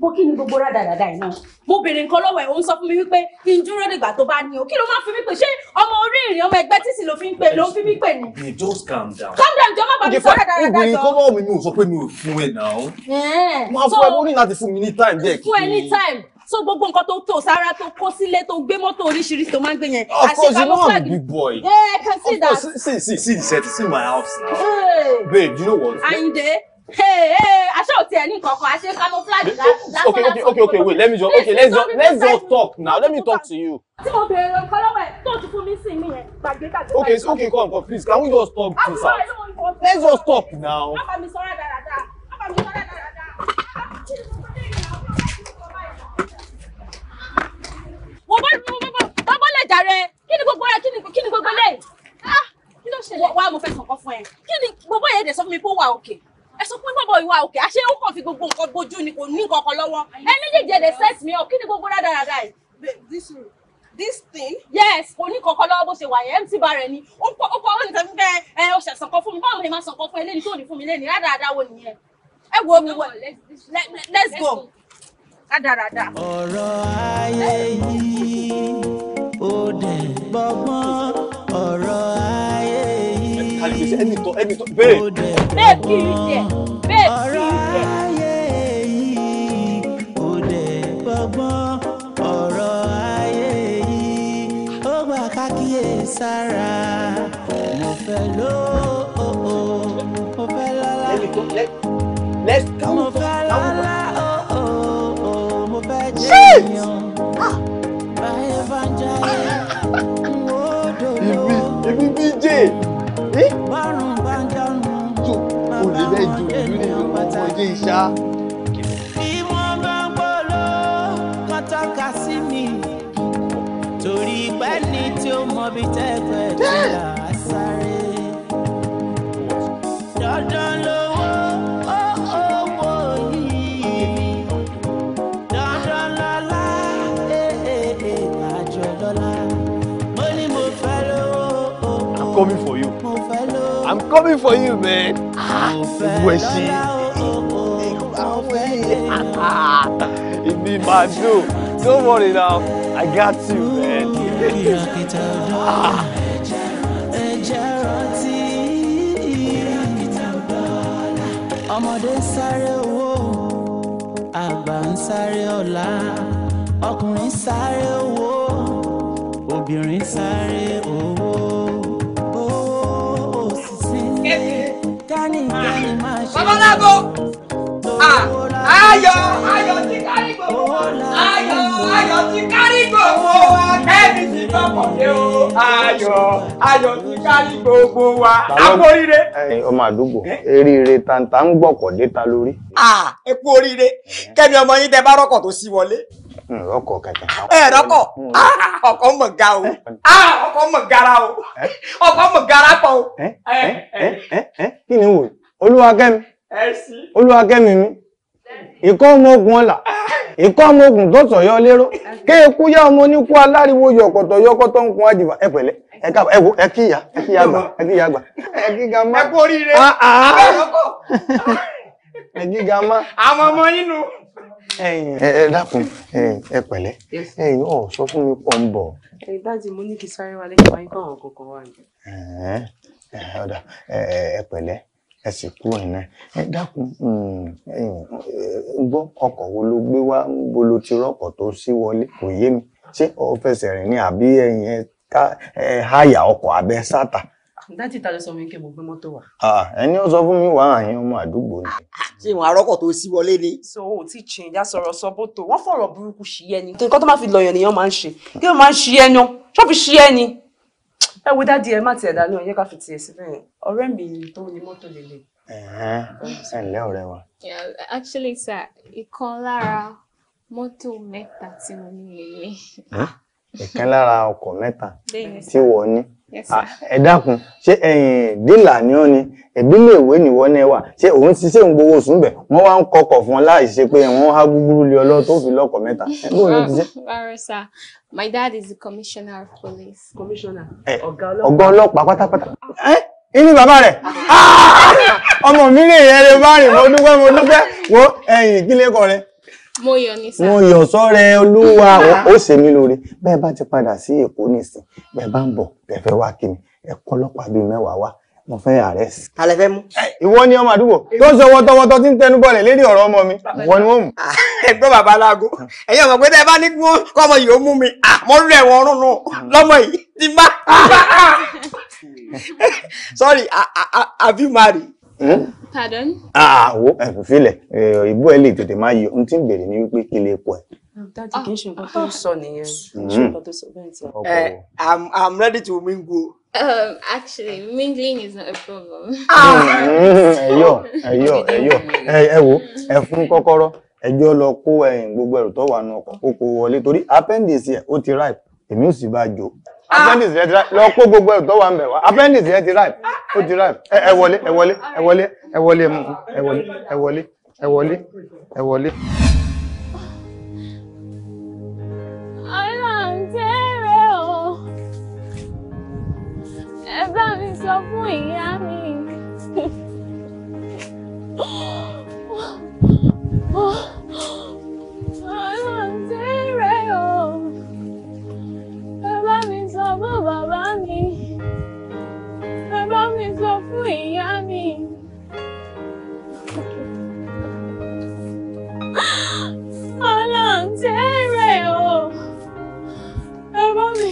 bó kí ni gbogbo rádàdàdà iná mo béèrè nǹkan lọ́wọ́ ẹ̀ ó ń sọ fún mi wípé kí n dúró dìgbà tó bá ní o kí ló máa fi mí pè ṣé ọmọ orí ìrìn ọmọ ẹgbẹ́ títì ló fi ń pè ló ń fi mí pè ní. just calm down. calm down jọ má bàbá sọ rádàdàdà jọ. ìgbìyànjú kọ́ mọ́ mi mi ò sọ pé mi ò fún ẹ náà. máa fún ẹ mo ní láti fún mi ní time bẹ́ẹ̀ kí. fún ẹ ní time so gbogbo nǹkan tó tó sára tó kó sílé tó gbé mọ́tò oríṣiríṣi tó máa ń gbé yẹn. of course you know i'm a big boy. yeah i can see of that. of course see see see the set see my house now. Hey. babe you know what. Ayinde aṣọ òtí ẹ ní kankan aṣẹ camouflage lásán. okay okay okay okay wait let me just okay let's just let's just talk now let me talk to you. tí mo bèrè ọkọ lọ́wọ́ ẹ̀ tó ti fún mi sí mi yẹn gbàgbé gbàgbé. okay okay come come please can we just talk this out let's just talk now. bàbá mi sọ́ra dáradára bàbá mi sọ́ra dáradára. wò bá mi bá bá lẹ̀ jàre kí ni gbogbo rẹ kí ni gbogbo lẹ́yìn. kí ló ṣẹlẹ̀ wá mo fẹ́ sọ̀kọ́ fún ẹ kí ni gbogbo yẹn dẹ̀ sọ fún sọ pé bọ̀bọ̀ ìwà òkè àṣé ó kàn fi gbogbo nǹkan gbójú ni kò ní nǹkan kan lọ́wọ́ ẹ méjèèjì ẹ̀dẹ̀ set me up kí ni gbogbo rádaràda yìí. this thing. yes kò ní kankan lọ́wọ́ bó ṣe wà yẹn empty bar rẹ ni ó pọ̀ ó pọ̀ ó ní tẹ̀síkẹ́ ẹ ó ṣẹ̀sán kan fún mi báwo ni màá sàn kan fún eléyìí tó ní fún mi lẹ́ni rádaràda wo nìyẹn ẹ wo mi wọ let's go rádaràda. ọ̀rọ̀ ayé yìí ó dẹ̀ gbọ́gbọ́n ọ̀rọ̀ ayé ní gbèsè ẹni tó ẹni tó bẹ́ẹ̀. bẹ́ẹ̀ kì í sára mo fẹ́ lóòó oh, oh. mo fẹ́ lọ́lá mo fẹ́ lọ́lá. I'm coming for you. I'm coming for you, man gbogbo ẹ ṣe ibi máa dò don't worry now i got you man. ọmọdé sáré owó àgbà ń sáré ọ̀la ọkùnrin sáré owó obìnrin sáré owó. Ah, ayo, ayo ti kárí gbogbo Ayo, ayo ti kárí gbogbo ẹbí ti gbọmọ dé o Ayo, ayo ti kárí gbogbo wa àpòrire. ọmọ àdúgbò eríire tàǹtà ń gbọ̀kọ̀dé ta lórí. Ah, ẹ kú oríire kẹ́mi ọmọ yín tẹ bá rọ́kọ̀ tó sí wọlé rọkọ kẹkẹ. ẹ rọkọ ah, ọkọ mọ ga o ah, ọkọ mọ gara o ọkọ mọ gara pọ o. kí ni wò olúwakẹ́mi olúwakẹ́mi mi ìkọ́ ọmọ ogun ọ̀la ìkọ́ ọmọ ogun tọ̀tọ̀ yọ lérò kéèkú yá ọmọ oníkú aláriwo yọ̀kọ̀tọ̀ yọkọ̀tọ̀ ń kun àjìbá ẹ pẹ̀lẹ́ ẹ káàbọ̀ ẹ wo ẹ kíyà ẹ kíyà gbà ẹ kíyà gbà ẹ kíga má ẹ kó rire ah, ah. ẹ kíga má. àwọn ọmọ yín nu. ẹ dákun ẹ pẹ̀lẹ́ ẹ̀yin ọ sọ fún mi pọ ń bọ. ẹ dájú mo ní kí sáré wa lẹ́yìn wáyé fáwọn kọ̀ọ̀kan wà ní. ẹ ọ̀dà ẹ pẹ̀lẹ́ ẹ sì kú ẹ̀nà ẹ dákun hmm, hmm, gbọ́ ọkọ̀ wo ló gbé wá bó ló ti rọ́kọ̀ tó sí wọlé kò yé mi ṣé o fẹsẹ̀ rìn ní àbí ẹ̀yìn ẹ háyà ọkọ̀ abẹ́ sátà. dátì ta ló sọ mi kí mo gbé mọ́tò wá. ẹni ó sọ fún mi wà àyàn ọmọ àdúgbò ni. ṣé ìwọ̀n arọ́kọ̀ tó sí wọlé ni. so o ti change já sọ̀rọ̀ sọ bótó wọ́n fọ̀rọ̀ burúkú ṣí ẹni. nǹkan tó máa fi lọ̀yàn nìyẹn máa ń ṣe kí ló máa ń ṣí ẹni ẹ wo dáàdi ẹ má tiẹ̀ dá lóhùn yẹ ká fi tiẹ̀ síbẹ̀ yẹn ọ̀rẹ́ mi tó ní mọ́tò lélẹ̀. ẹ ǹlẹ́ ọ̀rẹ́ wa. actually sir ìkan lára mọ́tò mẹ́ta tí mo ní lélẹ̀ ìkan lára ọkọ̀ mẹ́ta tí wọ́n ní ah, ẹ dákun ṣé ẹ̀yin dílà ni ó ní ìbílẹ̀ ìwé nìwọ náà wà ṣé òun ti ṣe ń gbowó oṣù bẹ̀ wọ́n wá ń kọkọ̀ fún ọ láì ṣe pé wọ́n há gúgúrú lé ọlọ́ tó fi lọ́kọ̀ mẹ́ta. My dad is the commissioner of police. Commissioner. ọ̀gá ọlọ́pàá pátápátá inú bàbá rẹ̀ ah! ọmọ mi rè é rẹ̀ bá rìn mo dúpẹ́ mo dúpẹ́ wo ẹ̀yìn ìpínlẹ̀ kọ̀ rẹ̀ mo yọ̀ ní sáà. wọ́n yọ̀ sọ́rẹ́ olúwa ó ṣe mí lóore bẹ́ẹ̀ bá ti padà sí èkó nìsín bẹ́ẹ̀ bá ń bọ̀ bẹ́ẹ̀ wá kí mi ẹ̀kọ́ ọlọ́pàá bíi mẹ́wàá wá mo fẹ́ ààrẹ sí. alẹ́ fẹ́ mú. ìwọ ni ọmọ àdúgbò tó sọ wọtọwọtọ tí ń tẹnu bọlẹ̀ lérí ọmọ mi ìwọ ni wọ́n mú. Ah, ẹgbẹ́ bàbá aláago ẹ̀yin ọmọ pé tẹ́ ẹ bá ní kí wọ́n yìí ó mú mi ah, mo rí ẹ̀wọ̀n ọ̀run nù lọ́mọ yìí ti bá. sorry àbí mari. pardon. àwọ ah, ẹ̀fọ́ filẹ̀ ìbú ẹ lè tètè le tete tí ń bèrè ni wípé kí lè ẹ̀. dájú kì í ṣe sọ nìyẹn ah. mm-hmm. I'm I'm ready to mingle. Um, actually, mingling is not a problem. Ah. Mm-hmm. Ẹyọ, ẹyọ, ẹyọ, ẹ wo, ẹ fún ẹjọ́ lọ kó gbogbo ẹrù tó wà nù ọkọ̀ wọlé torí appendix ẹ̀ ti ripe, èmi ò sì bá Ah. appendix yẹn ti ripe lọ kó gbogbo ẹ̀rù tó wà ń bẹ̀ wá appendix yẹn ti ripe ó ti ripe ẹ wọlé ẹ wọlé ẹ wọlé ẹ wọlé ẹ wọlé ẹ wọlé ẹ wọlé ẹ wọlé. Oh. ìyá mi. Ọlọ́run I'm o. Ẹ bá mi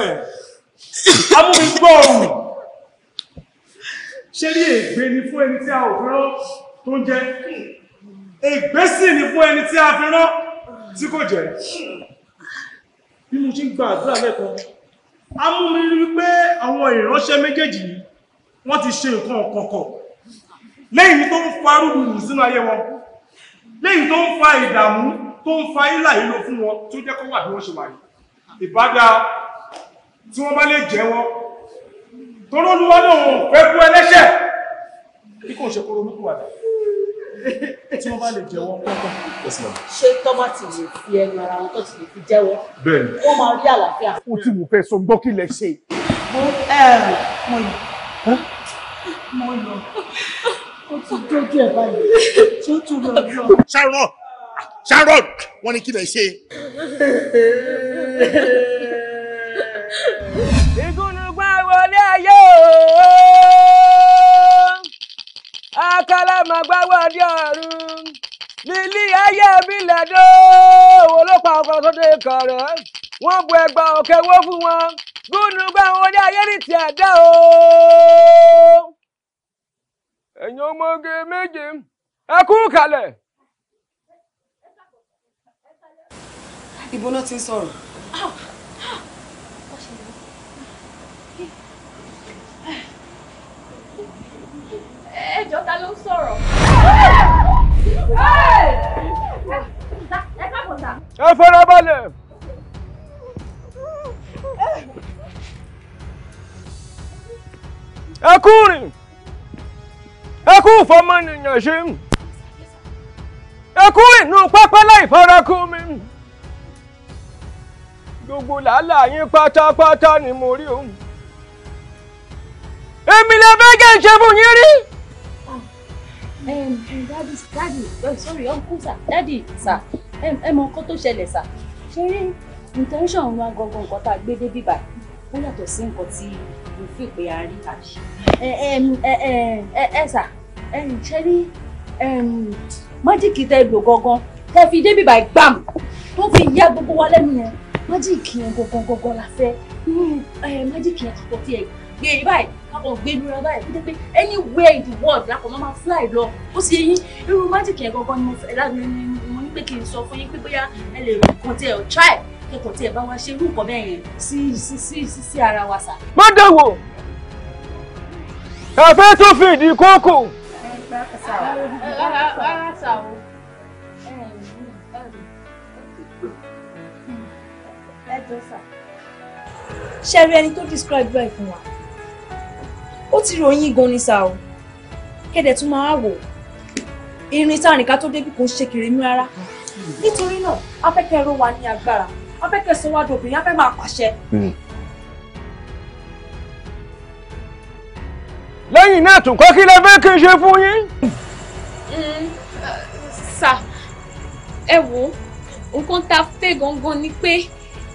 fm amúmi gbọ́ ọ̀rùn ṣé rí ègbé ni fún ẹni tí a ò fẹ́ràn tó ń jẹ ègbé sì ni fún ẹni tí a fẹ́ràn tí kò jẹ bí mo ṣe ń gba àdúrà lẹ́ẹ̀kan amúmi rí pé àwọn ìránṣẹ́ méjèèjì yìí wọ́n ti ṣe nǹkan ọ̀kọ̀ọ̀kọ̀ lẹ́yìn tó ń fa rúdurù sínú ayé wọn lẹ́yìn tó ń fa ìdààmú tó ń fa ìlà ìlò fún wọn tó jẹ́ kó bí wọ́n ṣe wà ìbádá tí wọ́n bá lè jẹ́wọ́ tọ́rọ lúwá lóòrùn pẹ́kú ẹlẹ́ṣẹ̀ bí ṣe kóró mọ́kù wàdà tí wọ́n bá lè jẹ́wọ́ pọ́pọ́ ṣe tọ́bá ti lè fi ẹnu ara wọn tó ti lè fi jẹ́wọ́ wọ́n máa rí àlàáfíà ó ti wù fẹ́ sọ gbọ́ ṣe mo yọ eh, mo ó ti dójú ẹ̀ báyìí tó tún lọ yọ. Ah, wọ́n ní kí ṣe. Akala ọdí ọ̀run ọrụ ayé ìbílẹ̀ dé òwò ló pa ọkọ̀ wọn bụ wọ́n bu ẹgbà fún wọn gúnú gbà wọn ní ayé ní o. ẹ̀yin ọmọge méje ẹ kú kalẹ̀. ibo ti ń ẹjọ́ ta ló ń sọ̀rọ̀. ẹ fara balẹ̀. ẹ kú rìn ẹ kú fọmọnìyàn ṣe ẹ kú inú pápá láì farakú mi gbogbo làálàá yín pátápátá ni mo rí òun èmi lè fẹ́ kí n ṣe fún yín rí um, daddy, daddy, oh, sorry uncle sir daddy, sir ẹ mọ nǹkan tó ṣẹlẹ̀ sir ṣé intention wa gangan nǹkan tá a gbé débi báyìí ó yàtọ̀ sí nǹkan tí mo fi pé a rí àṣì ẹ sà ṣe rí májíìkì tẹ lò gangan tẹ fi débi báyìí gbàm tó fi yá gbogbo wa lẹ́nu yẹn májíìkì yẹn gangan gangan la fẹ́ májíìkì yẹn kò tí ẹ gbà gbé yín báyìí káwọn gbé lura báyìí kó jẹ́ pé anywhere in the world lápọ̀ máa máa fly lọ ó sì yín irú magic yẹn gangan ni mo fẹ́ láti mo ní pé kí n sọ fún yín pé bóyá ẹ lè kàn tí ẹ ọ̀ try kẹkọ̀ọ́ tí ẹ bá wá ṣe irú nǹkan bẹ́ẹ̀ yẹn sí sí sí sí sí ara wa sà. má dẹ̀wò ẹ̀fẹ́ tó fi ìdí kókò. ṣe rí ẹni tó describe bẹ́ẹ̀ fún wa ó ti ròyìn gan ni sá o kẹ́dẹ̀ tún máa wò irin tá nìkan tó débi kò ń ṣe kiri mú rárá nítorí náà afẹ́kẹ́ ẹ̀rọ wa ní agbára afẹ́kẹ́ sanwó-adó obìnrin afẹ́ máa pàṣẹ. Hmm. lẹ́yìn náà tún kọ́ kí lẹ fẹ́ kí n ṣe fún yín. Hmm. sà ẹ wo nǹkan tá a fẹ́ gangan ni pé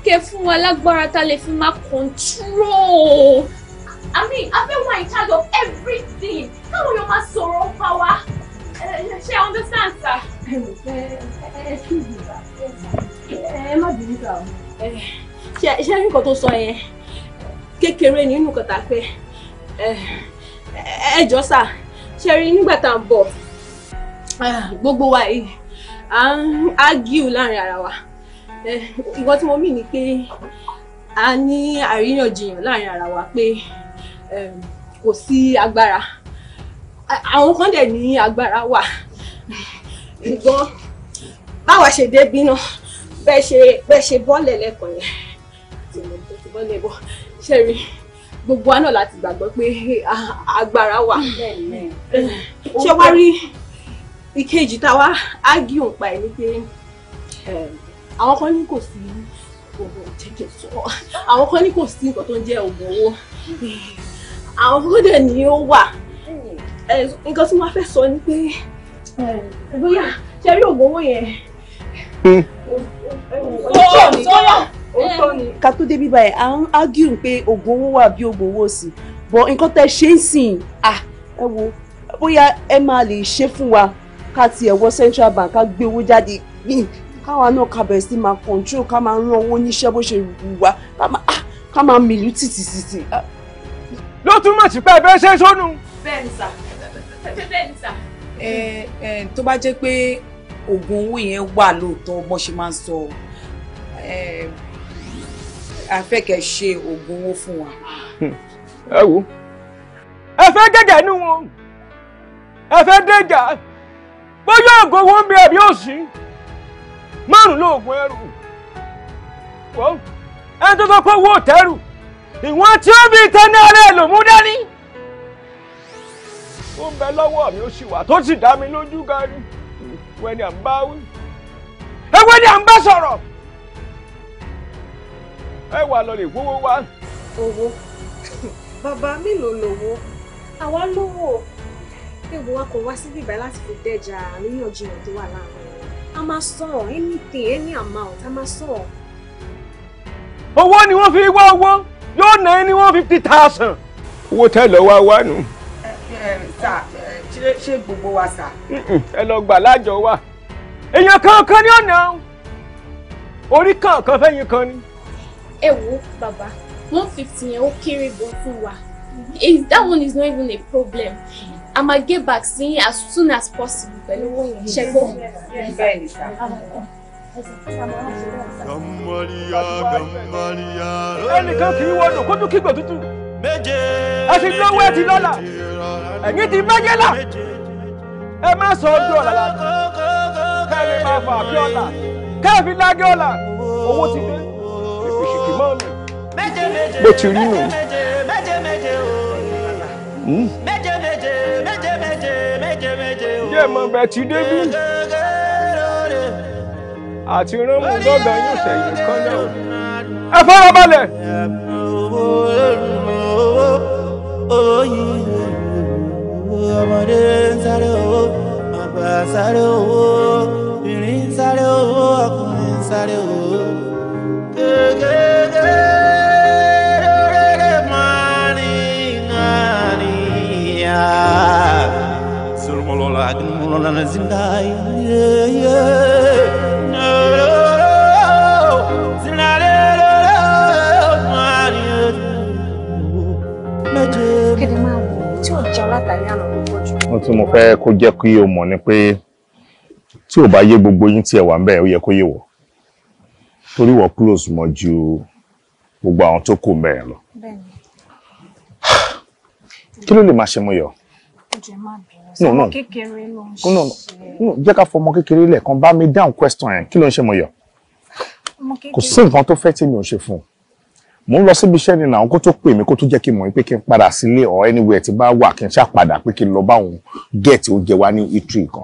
kẹ́ fún wa lágbára tá a lè fi máa kọ̀ńtúrò. I mean a fẹ́ wà in charge of everything káwọn yóò máa sọ̀rọ̀ ọ̀pá wa ṣe understand sir. ẹ ẹ ẹ kí ni bá ẹ má bínú ká o. ṣe ṣe rí nǹkan tó sọ yẹn kékeré ní inú kọta pé ẹ jọ sà ṣe rí nígbà tá à ń bọ̀ gbogbo wa yìí à ń ágíù láàrin ara wa ìwọ tí mo mì ní pé a ní àríyànjiyàn láàrin ara wa pé. Um, kò sí agbára àwọn kan dẹ̀ ní agbára wà ṣùgbọ́n báwa ṣe débi náà bẹ́ẹ̀ ṣe bẹ́ẹ̀ ṣe bọ́ọ̀lẹ̀ lẹ́kọ̀ọ́ yẹn ti bọ́ọ̀lẹ̀ bọ́ ṣe rí gbogbo àná láti gbàgbọ́ pé agbára wà ṣé wá rí ìkejì tá a wá ágì òǹpa ẹ̀ ní pé um, àwọn kan ní kò sí oògùn jẹjẹ sọ àwọn kan ní kò sí nǹkan tó ń jẹ oògùn owó àwọn fúlọ́dẹ̀ ni ó wà nǹkan tí wọ́n fẹ́ sọ ni pé bóyá ṣe rí oògùn owó yẹn. Hmm. ká tó débi báyìí à ń ágìrù pé oògùn owó wà bí oògùn owó sí bọ́ nǹkan tẹ́ ṣe ń sìn ẹ wo bóyá ẹ máa lè ṣe fún wa ká tiẹ̀ wọ central bank ká gbé owó jáde gbìn káwa náà ká sí máa control ká máa rán owó níṣẹ́ bó ṣe wù wá ká máa mìlú títì títì ló túmọ̀ sí pé ẹ fẹ́ ṣe sónú. bẹ́ẹ̀ni sà bẹ́ẹ̀ni sà. ẹ ẹ tó bá jẹ́ pé oògùn owó yẹn wà lóòótọ́ bọ́n ṣe máa ń sọ a fẹ́ kẹ́ ṣe oògùn owó fún wa. Hmm. ẹ wo ẹ fẹ́ gẹ́gẹ́ ní wọn ẹ fẹ́ dẹ́jà bóyá oògùn owó ń bẹ ẹ̀bí òsì márùn-ún lóògùn ẹrù wọ́n ẹni tó sọ pé owó ò tẹ́rù ìwọ̀n tí ó bí tẹ́ni ọ̀rẹ́ lòmú dání. tó ń bẹ lọ́wọ́ mi ó sì wà tó sì dá mi lójú gari wẹ́n ni à ń bá wí. ewé ni à ń bá sọ̀rọ̀. ẹ wà lọ lè wówó wá. owó bàbá mi ló lówó àwa lówó ewu wa kò wá síbí ìbá láti fi dẹ́jà àríyànjiyàn tó wà láàárín a máa sọ̀rọ̀ anything any amount a máa sọ̀rọ̀. owó ni wọ́n fi wá owó yóò ná ẹ one fifty thousand. owó tẹ́ lọ wá wá nù. sà ṣé gbogbo wa sà. ẹ lọ gbà lájọ wa. èèyàn kankan ni ó nà án orí kankan fẹ́yìn kan ni. ẹ wo bàbá one fifty yẹn ó kéré gan fún wa that one is not even a problem i ma get back sí as soon as possible pẹ̀lú one, yẹn ṣẹ́gbọ́n. bẹ́ẹ̀ ni gàmàlíyà gàmàlíyà. ẹnìkan kì í wọnú kótó kígbe tútù. méje ẹ ti lówó ẹ ti lọ́lá ẹ̀yin ti méje là ẹ má sọ ojú ọ̀la la kẹ́rin máa fà kí ọ̀la kẹ́ẹ̀fì lágé ọ̀la owó ti dé ìfìṣìkì mọ́ mi. bó ti rí nù. jẹ́ mọ̀ bẹ́ẹ̀ ti dé bí àti ránmù lọ́gàn yóò ṣẹ̀yìn kan náà. ẹ fara balẹ̀. ọmọdé ń sáré owó àgbà sáré owó ìrìn ń sáré owó ọkùnrin ń sáré owó. yeah, yeah. nǹkan tí mo fẹ́ kó jẹ́ kí o mọ̀ ni pé tí ò bá yé gbogbo yín tí ẹ wà ń bẹ̀ ó yẹ kó yé wọ̀ torí wọ̀ close mọ̀ ju gbogbo àwọn tó kù mẹ́rin lọ. kí ló lè máa ṣe mú yọ? no no no no jẹ́ ká fọmọ kékeré lẹ̀ kan bá mi down question yẹn kí ló ń ṣe mú yọ? kò sí nǹkan tó fẹ́ tí mi ò ṣe fún un mo ń lọ síbi iṣẹ́ ni àwọn kó tó pè mí kó tó jẹ́ kí n mọ̀ pé kí n padà sílé or anywhere tí bá wà kí n ṣá padà pé kí n lọ bá òun gẹ̀ẹ́tì oúnjẹ wa ní eatery kan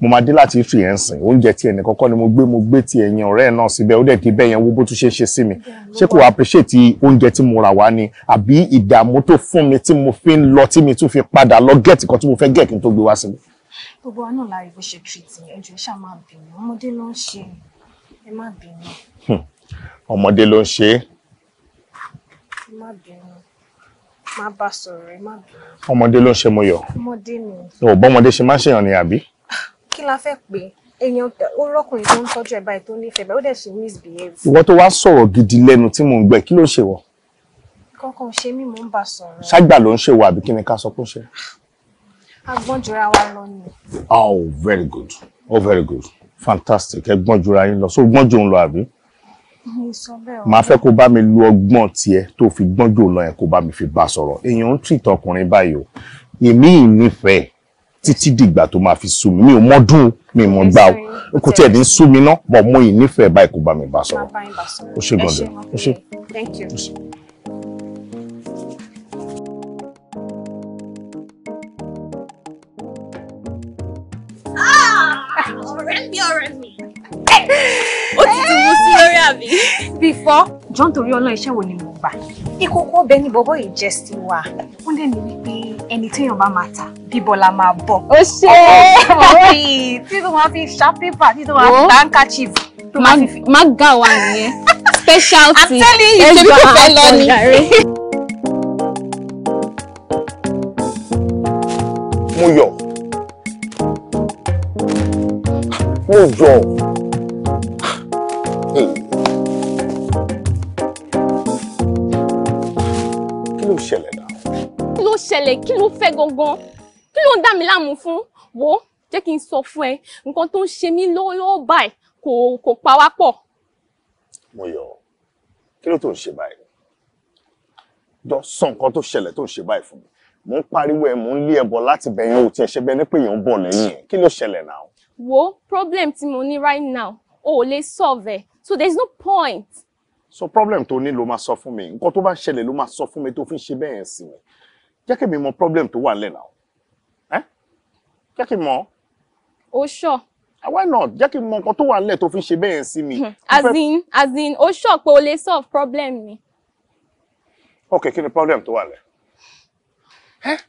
mo máa dé láti eatery yẹn sìn oúnjẹ tí ẹnì kọ́kọ́ ni mo gbé mo gbé ti ẹ̀yìn ọ̀rẹ́ ẹ̀ náà síbẹ̀ ó dẹ̀ di bẹ́ẹ̀ yẹn wo bó tún ṣe ṣe sí mi ṣé kò appreciate oúnjẹ tí mo rà wá ni àbí ìdààmú tó fún mi tí mo fi ń lọ tí mi tún fi padà lọ gẹ̀ẹ́tì kan tí mo fẹ́ gẹ̀ẹ́kì tó gbé wá síbi. gbogbo wa láàyè bó ṣe treat ẹjọ́ ẹ ṣáà máa bínú ọmọdé ló ṣe ẹ má bínú. Hmm ọmọdé ló ń ṣe é. má bínú má bá ọmọdé ló ń ṣe mo yọ. ọmọdé ni. o bọ́mọdé ṣe máa ń ṣèyàn ni àbí. kí la fẹ́ pé èèyàn ó rọ́kùnrin tó ń tọ́jú ẹ̀ báyìí tó nífẹ̀ẹ́ báyìí ó dẹ̀ ṣe misbehave. ìwọ tó wá sọ̀rọ̀ gidi lẹ́nu tí mò ń gbẹ kí ló ṣe wọ. kankan ṣe mí mò ń bá sọ̀rọ̀. ṣágbà ló ń ṣe wọ àbí kí ni ká sọ pé ó ṣe. agbọ́n jura wa lọ ni. oh very good oh very good fantastic ẹ gbọ́n jura yín lọ so gbọ́n jù ń lọ àbí màá fẹ́ kó bá mi lu ọgbọ́n tiẹ̀ tó fi gbọ́njò lọ yẹn kó bá mi fi bá sọ̀rọ̀ èèyàn ń tìtọ̀ ọkùnrin báyìí o èmi ìnífẹ̀ẹ́ títí dìgbà tó máa fi sú mi mi ò mọ́dún mi ò mọ́ gbà o kò tiẹ̀ ní sú mi ná bọ̀ mo ìnífẹ̀ẹ́ báyìí kó bá mi bá sọ̀rọ̀ ó ṣe gbọ́dọ̀ ó ṣe. Thank you. Ah! mi, ọ̀rẹ́ mi. àbí. before john torí ọlọ́run iṣẹ́ wo ni mo gbà ìkókó ọbẹ̀ ni bọ́bọ́ yìí jẹ́ sí wa wọ́n dẹ̀ ní wípé ẹni téèyàn bá máa ta bíbọ̀ la máa bọ̀. ó ṣe é tí tó máa fi ṣá pépà tí tó máa fi handkerchief tó máa fi. má gà wá nìyẹn specialty ẹgbẹ́ àtọ̀jà rẹ̀. mo yọ̀ mo yọ̀. ṣẹlẹ̀ kí ló fẹ́ gangan kí ló ń dá mi láàmú fún wo jẹ́ kí n sọ fún ẹ nǹkan tó ń ṣe mí lọ́wọ́ báyìí kò kò pa wá pọ̀. mo yọ kí ló tó ń ṣe báyìí jọ sọ nǹkan tó ṣẹlẹ̀ tó ń ṣe báyìí fún mi mo ń pariwo ẹ mo ń lé ẹbọ láti bẹ̀yìn òtí ẹṣẹ bẹ ní pé èèyàn ń bọ̀ ẹ kí ló ṣẹlẹ̀ náà. wo problem tí mo ní right now o ò lè solve ẹ so there is no point. so problem tó ní ló máa sọ fún mi nǹkan tó bá ṣẹlẹ̀ ló máa sọ fún mi tó fi ṣe bẹ́ẹ̀ sí mi jẹ́ kí mi mọ problem tó wà nílẹ̀ náà ẹ́ jẹ́ kí n mọ. o sọ. Ah, why not jẹ́ kí n mọ nǹkan tó wà nílẹ̀ tó fi ń ṣe bẹ́ẹ̀ sí mi. Hmm. as in as in o sọ pé o lè solve problem mi. ok kí ni problem tó wà nílẹ̀.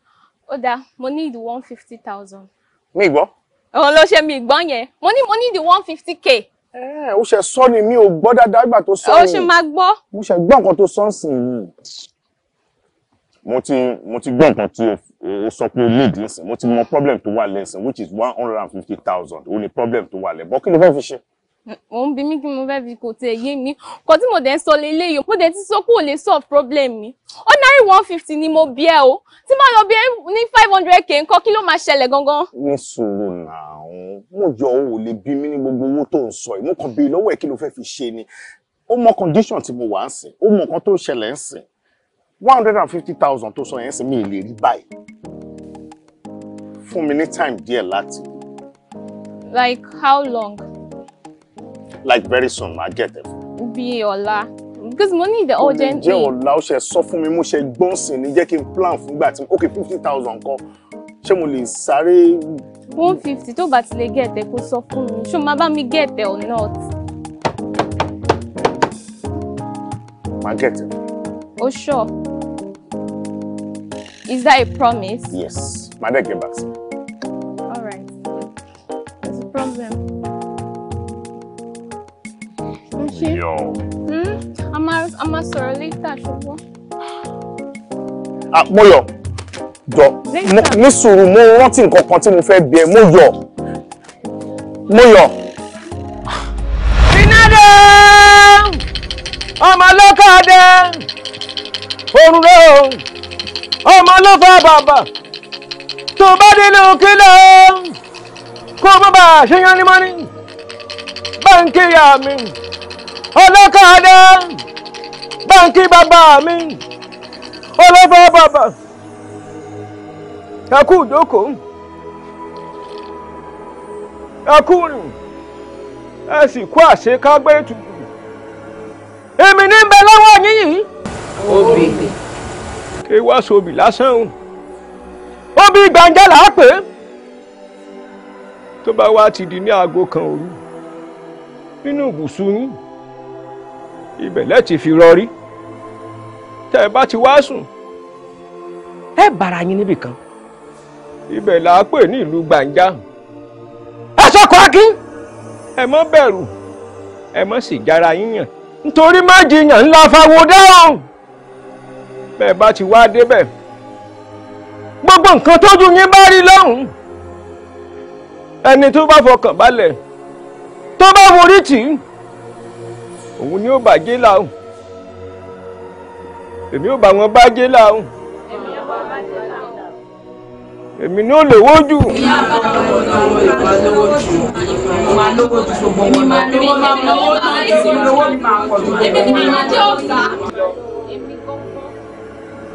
ó dáa mo need one fifty thousand. mi gbọ́. òun ló ṣe mi gbọ́ yẹn mo ní mo need one fifty k ó ṣe sọ ni mi ò gbọ́ dáadáa nígbà tó sọ yìí ó ṣe máa gbọ́ mo ṣe gbọ́ nǹkan tó sọ ń sìn yìí mo ti mo ti gbọ́ nǹkan tí o sọ pé o lead nísìn mo ti mọ problem tó wà lẹ́sìn which is one hundred and fifty thousand o ní problem tó wà lẹ́bọ̀ kí ló fẹ́ fi ṣe. mo ń bi mí kí mo fẹ́ fi kò tẹ̀ yé mi kò tí mo dẹ̀ ń sọ leléyìí mo dẹ̀ ti sọ pé o lè solve problem mi ordinary one fifty ni mo bí ẹ o tí máa lọ bí ẹ ní five hundred k nǹkan kí ló máa ṣẹlẹ̀ gangan. ní sùúrù náà mo yọ o lè bí mi ní gbogbo owó tó ń sọ yìí mo kàn bí lọ́wọ́ ẹ̀ kí ló fẹ́ fi ṣe ni ó mọ condition tí mo wà ń sìn ó mọ nǹkan tó ṣẹlẹ̀ ń sìn one hundred and fifty thousand tó sọ yẹn sì mí ì lè rí báyìí mi ní time díẹ̀ láti. like how long. like very soon I get it. bí ọ̀la because money the urgent need. ǹjẹ́ ọ̀la ó ṣe sọ fún mi mo ṣe gbọ́n sí ni jẹ́ kí n plan fúngbà tí ok fifty thousand kan ṣé mo lè sáré. one fifty tó bá ti lè get ẹ kó sọ fún mi ṣó máa bá mi get ẹ or not. máa get it. Oh sure. Is that a promise? Yes. My dad came back. All right. There's a problem. Okay. Yo. Hmm? I'm a, I'm a sorry later, Shobo. Ah, Moyo. Jọ, ní sùúrù mo rántí nǹkan kan tí mo Moyo, Moyo. ẹ́, Moyo. Moyo. Ìnádé! Ọmọ ọlọ́kadà! Orun lóhùn! ọmọ ló fa bàbà tó bá dínú kílẹ̀ kó bó bá ṣe yánnímọ́ní báńkì ìyá mi ọlọ́kadà báńkì bàbá mi ọlọ́fà bàbà ẹkú ìdókòó ẹkú rìn ẹ sì kó àṣekágbé ètùtù èmi ní bẹ lọ́wọ́ yín yìí. obìnrin ewa sobi lásán o obì gbàǹjà là á pè é tó bá wá ti di ní aago kan òru nínú ibùsùn yín ibẹ̀ lẹ́tì fi rọrí tẹ́ ẹ bá ti wá sùn ẹ bára yín níbì kan ibẹ̀ là á pè ní ìlú gbàǹjà ẹ sọkọ akín ẹ má bẹ̀rù ẹ má sì jára yín yàn nítorí má jiyàn ńlá fáwọn dáhùn bẹ́ẹ̀ bá ti wá débẹ̀ gbogbo nǹkan tójú yín bá rí lọ́hùn-ún ẹni tó bá fọkàn balẹ̀ tó bá forí tì í òun ni ó bàjẹ́ làhùn èmi ò bá wọn bàjẹ́ làhùn èmi ni ó lè wójú. èmi máa lówó tó ń lówó tó ń lówó máa pọ̀ jù. èmi máa jẹ́ ọ̀sán.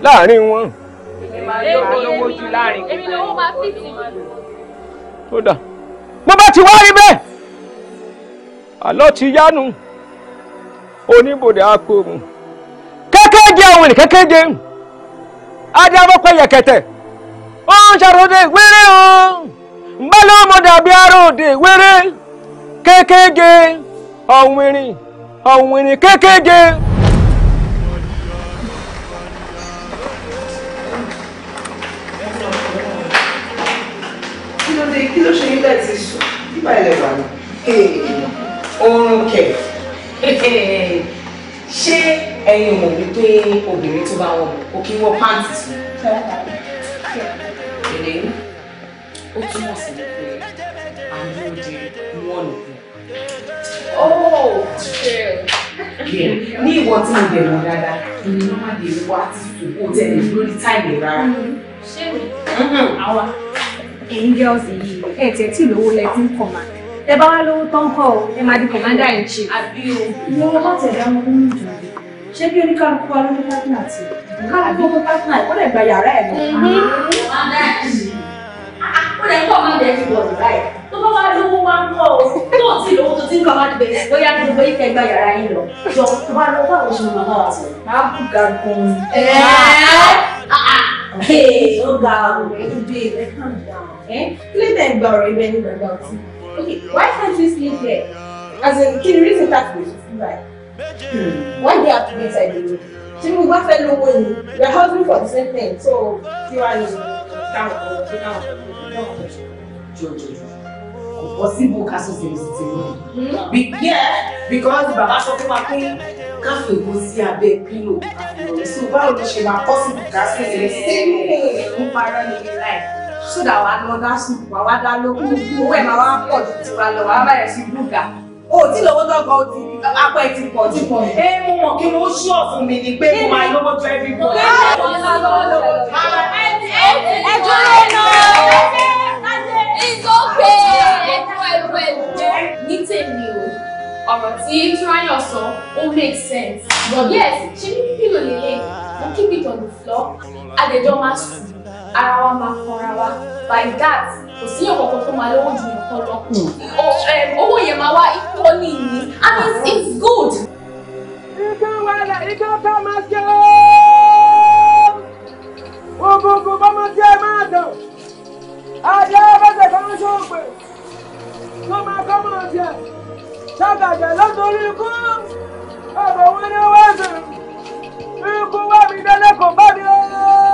láàrin wọn. ó dà mo bá ti wá rí bẹ́ẹ̀ àlọ́ ti yánu oníbòdè àpòmù kékéje àwọn ènìyàn kékéje adé abọ́pẹ́ yẹ̀kẹ̀tẹ̀ ó ń ṣàròdè wéré o bẹ́ẹ̀ ọmọdé àbí wéré kí ló ṣe níbẹ̀ ti sùn nígbà ilẹ̀ wà ní. oorun kẹ ṣé ẹ̀yin mọ̀ wípé obìnrin tó bá wọ̀ kò kí wọ̀ pàǹtì sùn. èlé ó túmọ̀ sí wípé àwọn òde wọn nìkan. Oh, ṣe. Ní ìwọ tí mo bẹ̀rù dáadáa, ni wọ́n máa bèrè wá ti sùn kó tẹ̀lé lórí táìmì rárá. Mm-hmm. Ṣé mi? Mm-hmm. Àwa ẹ̀yin girls yìí ẹ̀ tẹ̀ tí lówó lẹ ti ń kọ̀ mà tẹ bá wá lówó tó ń kọ́ ọ ẹ máa di commander in chief. àbí o mo bá tẹ̀lé ọmọ nínú ìjọ rẹ̀ ṣé bí oníkálukú wa ló ní pátánà tí kálukú ó pátánà ó lè gba yàrá ẹ̀ lọ. Mhm. Ah, ah, ó lè kọ́ máa bẹ̀rẹ̀ ìwọ̀n ìgbà yẹn tó bá wá lówó wá ń kọ́ ọ tó ti lówó tó ti ń kọ́ máa dìbẹ̀ bóyá kí gbogbo yìí fẹ́ gba yàrá Eh? Sleep and borrow, even if I Okay, why can't you sleep here? As in, can you reason that we should like? Hmm. Why do you have to be inside the room? Tí mo bá fẹ́ lówó ni, we are hustling for the same thing, so tí wàá ní káwọn ọ̀rọ̀ tí káwọn ọ̀rọ̀ tí káwọn ọ̀rọ̀ kò possible ká sún sínú sí mi. Bí yẹ́ because bàbá sọ fún wa pé ká fègbó sí abẹ́ pílò. Ìṣùgbọ́n báwo ló ṣe máa possible ká sún sínú sí mi? Hmm. Mo parọ́ ní ilé láì sódà wàá lọ dá sí wàá wá dá lókun owó ẹ̀ máa wá pọ̀ ju tiwa lọ wàá bẹ̀rẹ̀ sí gbùgà o ti lówó dọ́gba o ti apá ẹ ti pọ̀ ti pọ̀. ẹ mú wọn kí wọn ṣọ fún mi ni pé mo máa lówó tó ẹbí bọ. ẹ jọ lè lọ ìgòkè ẹkú ẹlú ẹlú ní tèmi o ọ̀rọ̀ tí túráyọ̀ sọ ó make sense but yes ṣé ní pípìlò lélẹ̀ mo keep it on the floor àdèjọ́ máa sùn ara wa máa kanra wa by that kò sí èèyàn kankan tó máa lówó ju nǹkan lọ hmm. eh, owó yẹn máa wá equally ni and it's, it's good. ikú wẹlẹ ikú ká máa jẹ ògùnkùn bá máa jẹ máa dàn ajá bẹsẹ bá ń ṣògbè tó máa kọ́ máa jẹ ṣàgàjẹ lọ́tọ́rí ikú ọ̀bọ̀n wọn ni ikú wà mí bá mi rẹ̀.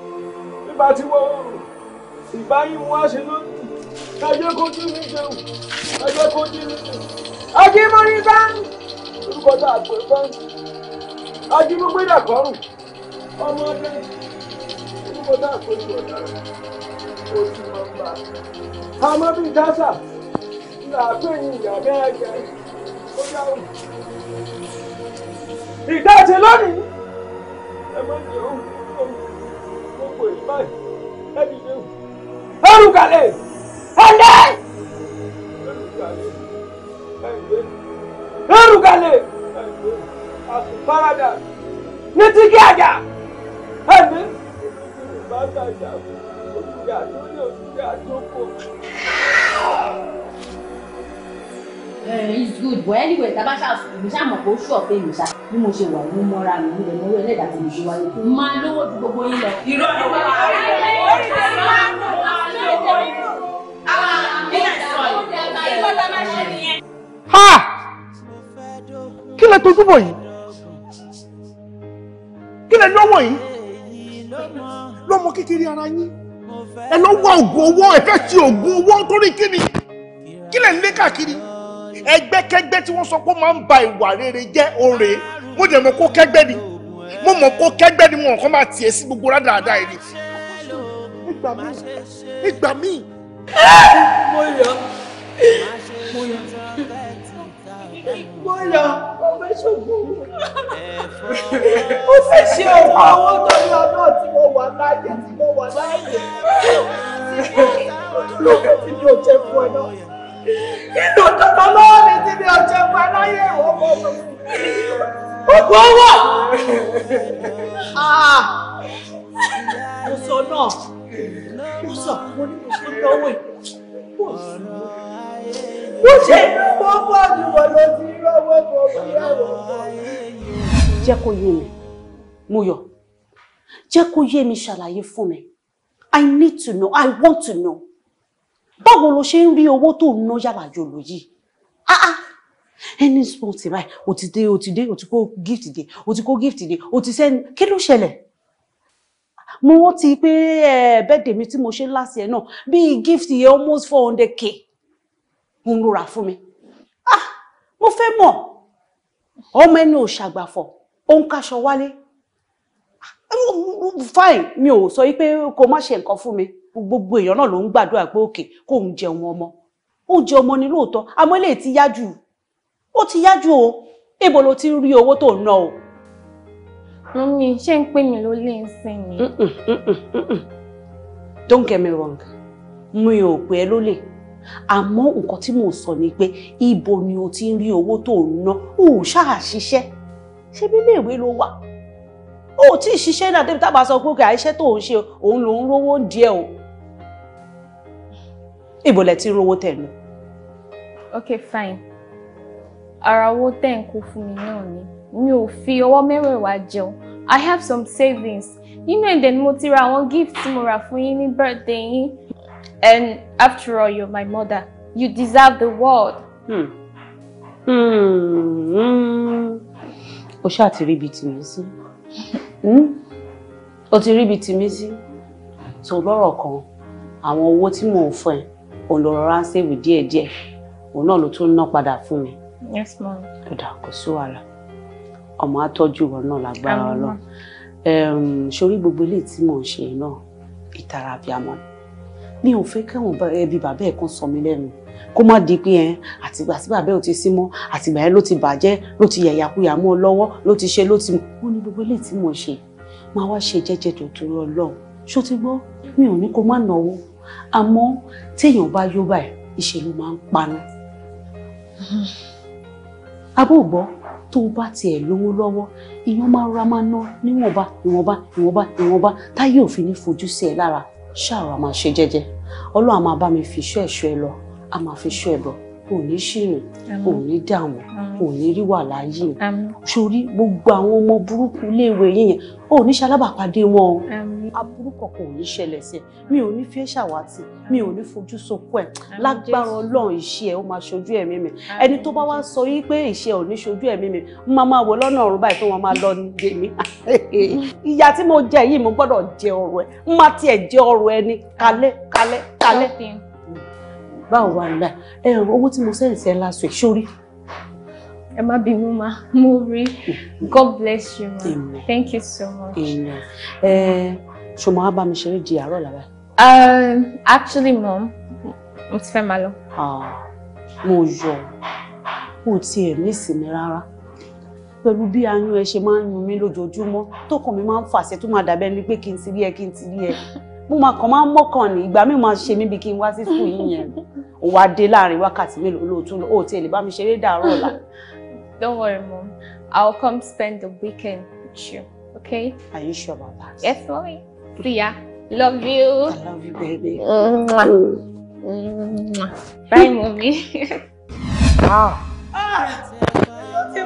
ìbá ti wọ ìbá yín wá ṣe lónìí ẹjẹ kojú mi jẹun ẹjẹ kojú mi jẹun. Ajímọ́rí báńkì orúkọ tá a pè báńkì Ajímọ́gbé dàkọ́rùn ọmọ ọdẹ orúkọ tá a pè ní ọ̀dà oṣù ọgbà. Àmọ́ bíi dásà làákùnrin ìyá bẹ́ẹ̀ jẹ ó dáhùn. Ìdájẹ́ lónìí ẹ má jẹun wò ní báyìí ẹ dìde wù. olùkàlẹ̀ ọ̀dẹ́. olùkàlẹ̀ àtúnfáradà ní ti kí àjà ẹ̀mí. olùkàlẹ̀ àtúnfáradà ní ti kí àjà olùkàlẹ̀ àtúnfáradà. Eh, it's good but anyway tábà ṣàṣùkú ṣáà mọ̀ pé ó ṣù ọ̀fẹ́ mi ṣá bí mo ṣe wà ní mọ́ra mi nílẹ̀ mọ́rú ẹlẹ́dàá tí mo ṣe wáyé máa lówó ju gbogbo yín lọ. ìró ni wọ́n wá rí orí ti máa ń lò wá lórí ah, ha kí lè tójú bọ̀ yìí kí lè lọ́wọ́ yìí lọ́mọ kékeré ara yín ẹ lọ́wọ́ ògùn owó ẹ fẹ́ ṣe ògùn owó torí kí ni kí lè lé káàkiri ẹgbẹ́kẹ́gbẹ́ tí wọ́n sọ pé máa ń ba ìwà rere jẹ́ òre mo dẹ̀ mọ̀ kó kẹ́gbẹ́ ni mo mọ̀ kó kẹ́gbẹ́ ni mo hàn máa tiẹ̀ sí gbogbo rádaràda yìí ìgbà míì ìgbà míì. mo yọ mo yọ mo yọ mo fẹ́ ṣògùn mo fẹ́ ṣe òkú àwọn tó ní ọdún tí mo wà láàyè tí mo wà láàyè tí mo lókè tí mi ò jẹ́ fún ẹ náà nínú tọ́tọ́ lọ́wọ́ mi tí mi ò jẹ́ pa láyé òkú òkú owó. Ah! mo sọ náà mo sọ mo ní mo sọ lọ́wọ́ ẹ̀ mo sọ. mo ṣe inú mo bọ̀ ni wọ́n lọ sí lọ́wọ́ mo fi ẹ̀rọ bọ̀. jẹ́ kó yé mi mo yọ jẹ́ kó yé mi ṣàlàyé fún mi I need to know I want to know báwo lo ṣe ń rí owó tó ń ná yàrá yòlò yìí ah ah any small thing báyìí o ti dé o ti dé o ti kó gift dé o ti kó gift dé o ti sẹ́ni kí ló ṣẹlẹ̀ mo rántí pé bẹ́ẹ̀dẹ̀ mi tí mo ṣe last year náà bíi gift yẹn almost four hundred k ń rora fún mi ah mo fẹ́ mọ̀ ọmọ ẹni ò ṣàgbàfọ̀ ó ń kaṣọ wálé ah, fine mi ò sọ yí pé kò má ṣe nǹkan fún mi gbogbo èèyàn náà ló ń gbàdúrà pé òkè kó òun jẹun ọmọ oúnjẹ ọmọ ni lóòótọ́ àmọ́ eléyìí ti yá jù ó ti yá jù o ibo ló ti ń rí owó tó ń ná o. mọ́mí ṣé ń pè mí ló lè ń sìn ni. don't get me wrong mi ò pè ẹ́ ló lè àmọ́ nǹkan tí mò ń sọ ni pé ibo ni o ti ń rí owó tó ń ná o ò ṣáà ṣiṣẹ́ ṣé bí iléèwé ló wà o ò tí ì ṣiṣẹ́ náà débi tá sọ pé òkè àìṣẹ́ tó ń ṣe òun lòún rówó díẹ̀ o ibo lẹ ti rówó tẹ̀ lọ. ok fine ara owó tẹ̀ ń kó fún mi náà ni mi ò fi ọwọ́ mẹ́wẹ̀ẹ̀wá jẹun i have some savings nínú ẹ̀ dẹ̀ ni mo ti ra àwọn gift tí mo rà fún yín ní birthday yín and after all you're my mother you deserve the world. Hmm. Hmm. Hmm. o ṣáà ti ríbi tìmí sí hmm? o ti ríbi tìmí sí tó lọ́rọ̀ kan àwọn owó tí mò ń fún ẹ òun ló rọra ń sèwì díẹ̀díẹ̀ òun náà ló tún ná padà fún mi. yes ma. tó dà kó sí wàhálà ọmọ atọ́jú wọn náà lágbára ọlọ́run sórí gbogbo eléyìí tí mò ń ṣe náà ìtara àbíamọ ni mi ò fẹ́ kẹ́wọ̀n ẹbí bàbá ẹ̀ kan sọ mí lẹ́nu kó má di pé ẹ àtìgbà tí bàbá ẹ ò ti sí mọ́ àtìgbà yẹn ló ti bàjẹ́ ló ti yàyàkuyà mọ́ ọ lọ́wọ́ ló ti ṣe ló ti mọ́ ní gbogbo eléyìí tí mò ń ṣe máa wá ṣe jẹ́jẹ́ tó torí ọlọ́run ṣó ti gbọ́ mi ò ní kó má náwó àmọ́ téèyàn bá yó báyìí ìṣèlú máa ń paná abóògbọ́ tó bá tiẹ̀ lówó lọ́wọ́ ìyẹn máa ra máa ná níwọ̀nba ìwọ̀nba ìwọ̀nba ìwọ̀nba táyé òfin ní fojú sí ẹ lára ṣáà ra máa ṣe jẹ́jẹ́ ọlọ́run a máa bá mi fi iṣẹ́ ẹ̀ṣọ́ ẹ lọ á máa fi iṣẹ́ ẹ bọ̀ kò ní ṣìnà kò ní dààmú kò ní rí wà láyé sórí gbogbo àwọn ọmọ burúkú iléèwé yìnyín ò ní ṣalábàpàdé wọn o aburúkọ kò ní ṣẹlẹ̀ sí ẹ mi ò ní fi ẹ ṣàwátì mi ò ní fojú sunkún ẹ lágbára Ọlọ́run iṣẹ́ ẹ ó máa ṣojú ẹ̀mí mi ẹni tó bá wá sọ yí pé iṣẹ́ ò ní ṣojú ẹ̀mí mi mo máa máa wọ lọ́nà ọ̀run báyìí tó wọn máa lọ dè mí ìyá tí mo jẹ yìí mo gbọ́dọ̀ jẹ ọ̀rọ̀ ẹ má tiẹ̀ jẹ ọ̀rọ̀ ẹni kalẹ̀ kalẹ̀ kalẹ̀ báwo wà nílà ẹ owó tí mo sẹ́yìn sí ẹ last week sórí. ẹ má bínú ma mo rí god bless you ma thank you so much. ẹ ṣọmọ wa bá mi ṣeré di àárọ̀ làbá. Um, actually mom mo ti fẹ́ máa lọ. mo yọ kò tiẹ̀ ní ìsinmi rárá pẹ̀lú bí ayún ẹ ṣe máa ń yún mi lójoojúmọ́ tó kàn mí máa ń fàṣẹ tó máa dàbẹ́ ni pé kí n ti rí ẹ kí n ti rí ẹ mo máa kàn máa ń mọ́kàn ní ìgbà mi máa ṣe mí bí kí n wá sí sùn yìí yẹn ò wá dé láàrin wákàtí mélòó lóòótọ́ ó ti lè bá mi ṣeré dàárọ̀ ọ̀la. Don't worry mom I'll come spend the weekend with you okay. Are you sure about that? Yes mommy see ya love you. I love you baby. Mwah. Mwah. Bye mommy. ah. ah. so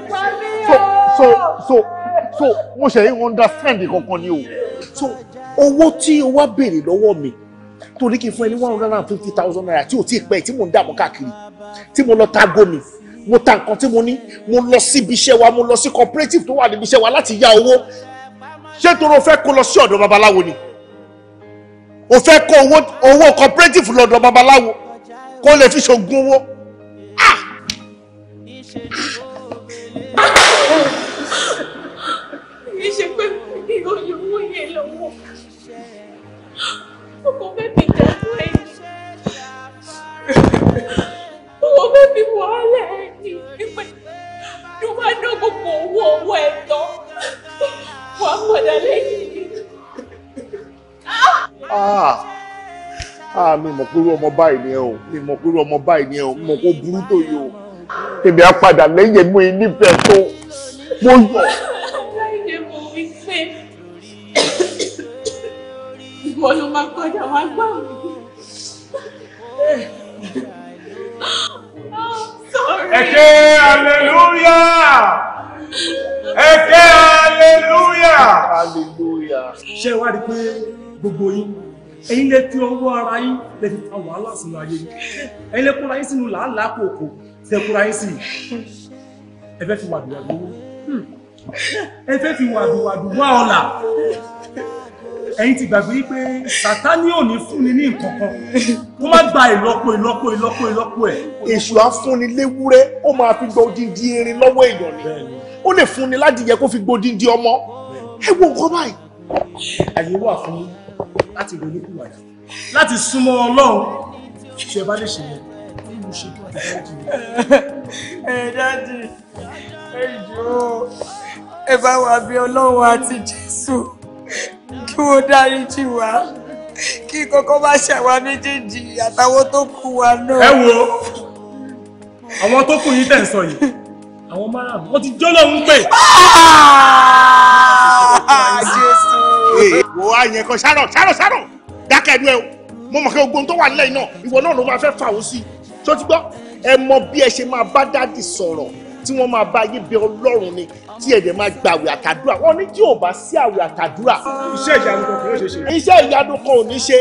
so so so mo ṣe ń understand kankan ni o so owó tí o wá béèrè lọ́wọ́ mi tó ní kí n fún ẹ ní one hundred and fifty thousand naira tí o ti pẹ́ tí mò ń dààmú káàkiri tí mo lọ tago mi mo ta nǹkan tí mo ní mo lọ síbi iṣẹ́ wa mo lọ sí cooperative tó wà níbi iṣẹ́ wa láti yá owó ṣé torí o fẹ́ kó lọ sí ọ̀dọ̀ babaláwo ni o fẹ́ kó owó owó cooperative lọ́dọ̀ babaláwo kó lè fi ṣògùn owó ah. ah! bẹ́ẹ̀ fi wàhálà ẹ̀ ní pípẹ́ ló máa ná gbogbo owó owó ẹ̀ tán wà padà lẹ́yìn. Ah! ah, mi mọ̀ pé irú ọmọ báyìí ni ẹ o, mi mọ̀ pé irú ọmọ báyìí ni ẹ o, mi mọ̀ pé ó burú tó yìí o. Èmi á padà lẹ́yìn mú i nífẹ̀ẹ́ tó, mo aleluya ẹkẹ aleluya aleluya ṣe wá rí pé gbogbo yín ẹ̀yin lè fi ọwọ́ ara yín lè fi fa wàhálà sínú ayé yín ẹ̀yin lè kóra yín sínú làálàá kòkò tẹ kóra yín sí ẹ fẹ́ fi wàdùwàdù hmm. ẹ fẹ́ fi wàdùwàdù wá ọ̀la ẹ̀yin ti gbàgbé pé sátánì ò ní fúnni ní nǹkan kan kó má gba ìlọ́po ìlọ́po ìlọ́po ìlọ́po ẹ̀. èṣù á léwúrẹ́ ó máa fi gba odindi erin lọ́wọ́ èèyàn ni ó lè fúnni ládìyẹ kó fi gba odindi ọmọ ẹ wo nǹkan báyìí. àyè wà fún láti ronú kùwàdà láti súnmọ́ ọlọ́run ṣe bá lè ṣe yẹn mo ṣe kí wọ́n ti ẹ dájú ẹ bá wa bí ọlọ́run àti jésù kí wọ́n dárí jì wá kí kọ́kọ́ bá ṣàwa méjèèjì àtàwọn tó kù wa náà. ẹ wo àwọn tó kù yìí tẹ̀ ń sọ yìí àwọn márùn-ún wọ́n ti jọ́ lọ́hún pé. Ah! jésù. wo àyẹn kan ṣáró ṣáró ṣáró dákẹ́ ẹnu ẹ o mo mọ̀ kí ogun tó wà nílẹ̀ yìí náà ìwọ náà ló máa fẹ́ fà ó sí i ṣó ti gbọ́ ẹ mọ bí ẹ ṣe máa bá dáàdì sọ̀rọ̀ tí wọ́n máa bá yín bẹ ọlọ́run ni tí ẹ̀dẹ̀ máa gba àwẹ̀ àtàdúrà wọn ní tí ò bá sí àwẹ̀ àtàdúrà. iṣẹ́ ìyanu kan kò ṣe ṣe. iṣẹ́ ìyanu kan ò ní ṣe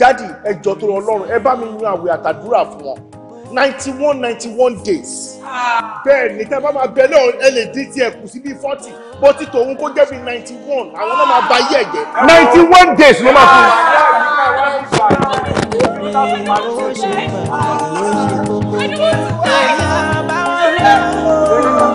dádì ẹjọ́ tó ọlọ́run ẹ bá mi yan àwẹ̀ àtàdúrà fún wọn ninety one ninety one days. bẹ́ẹ̀ ni tẹ́ bá máa bẹ náà ẹ lè dín tiẹ̀ kù sí bíi forty bó ti tòun kó jẹ́ bíi ninety one àwọn náà máa ba ayé ẹ̀jẹ̀. ninety one days ló máa fún un. Oh,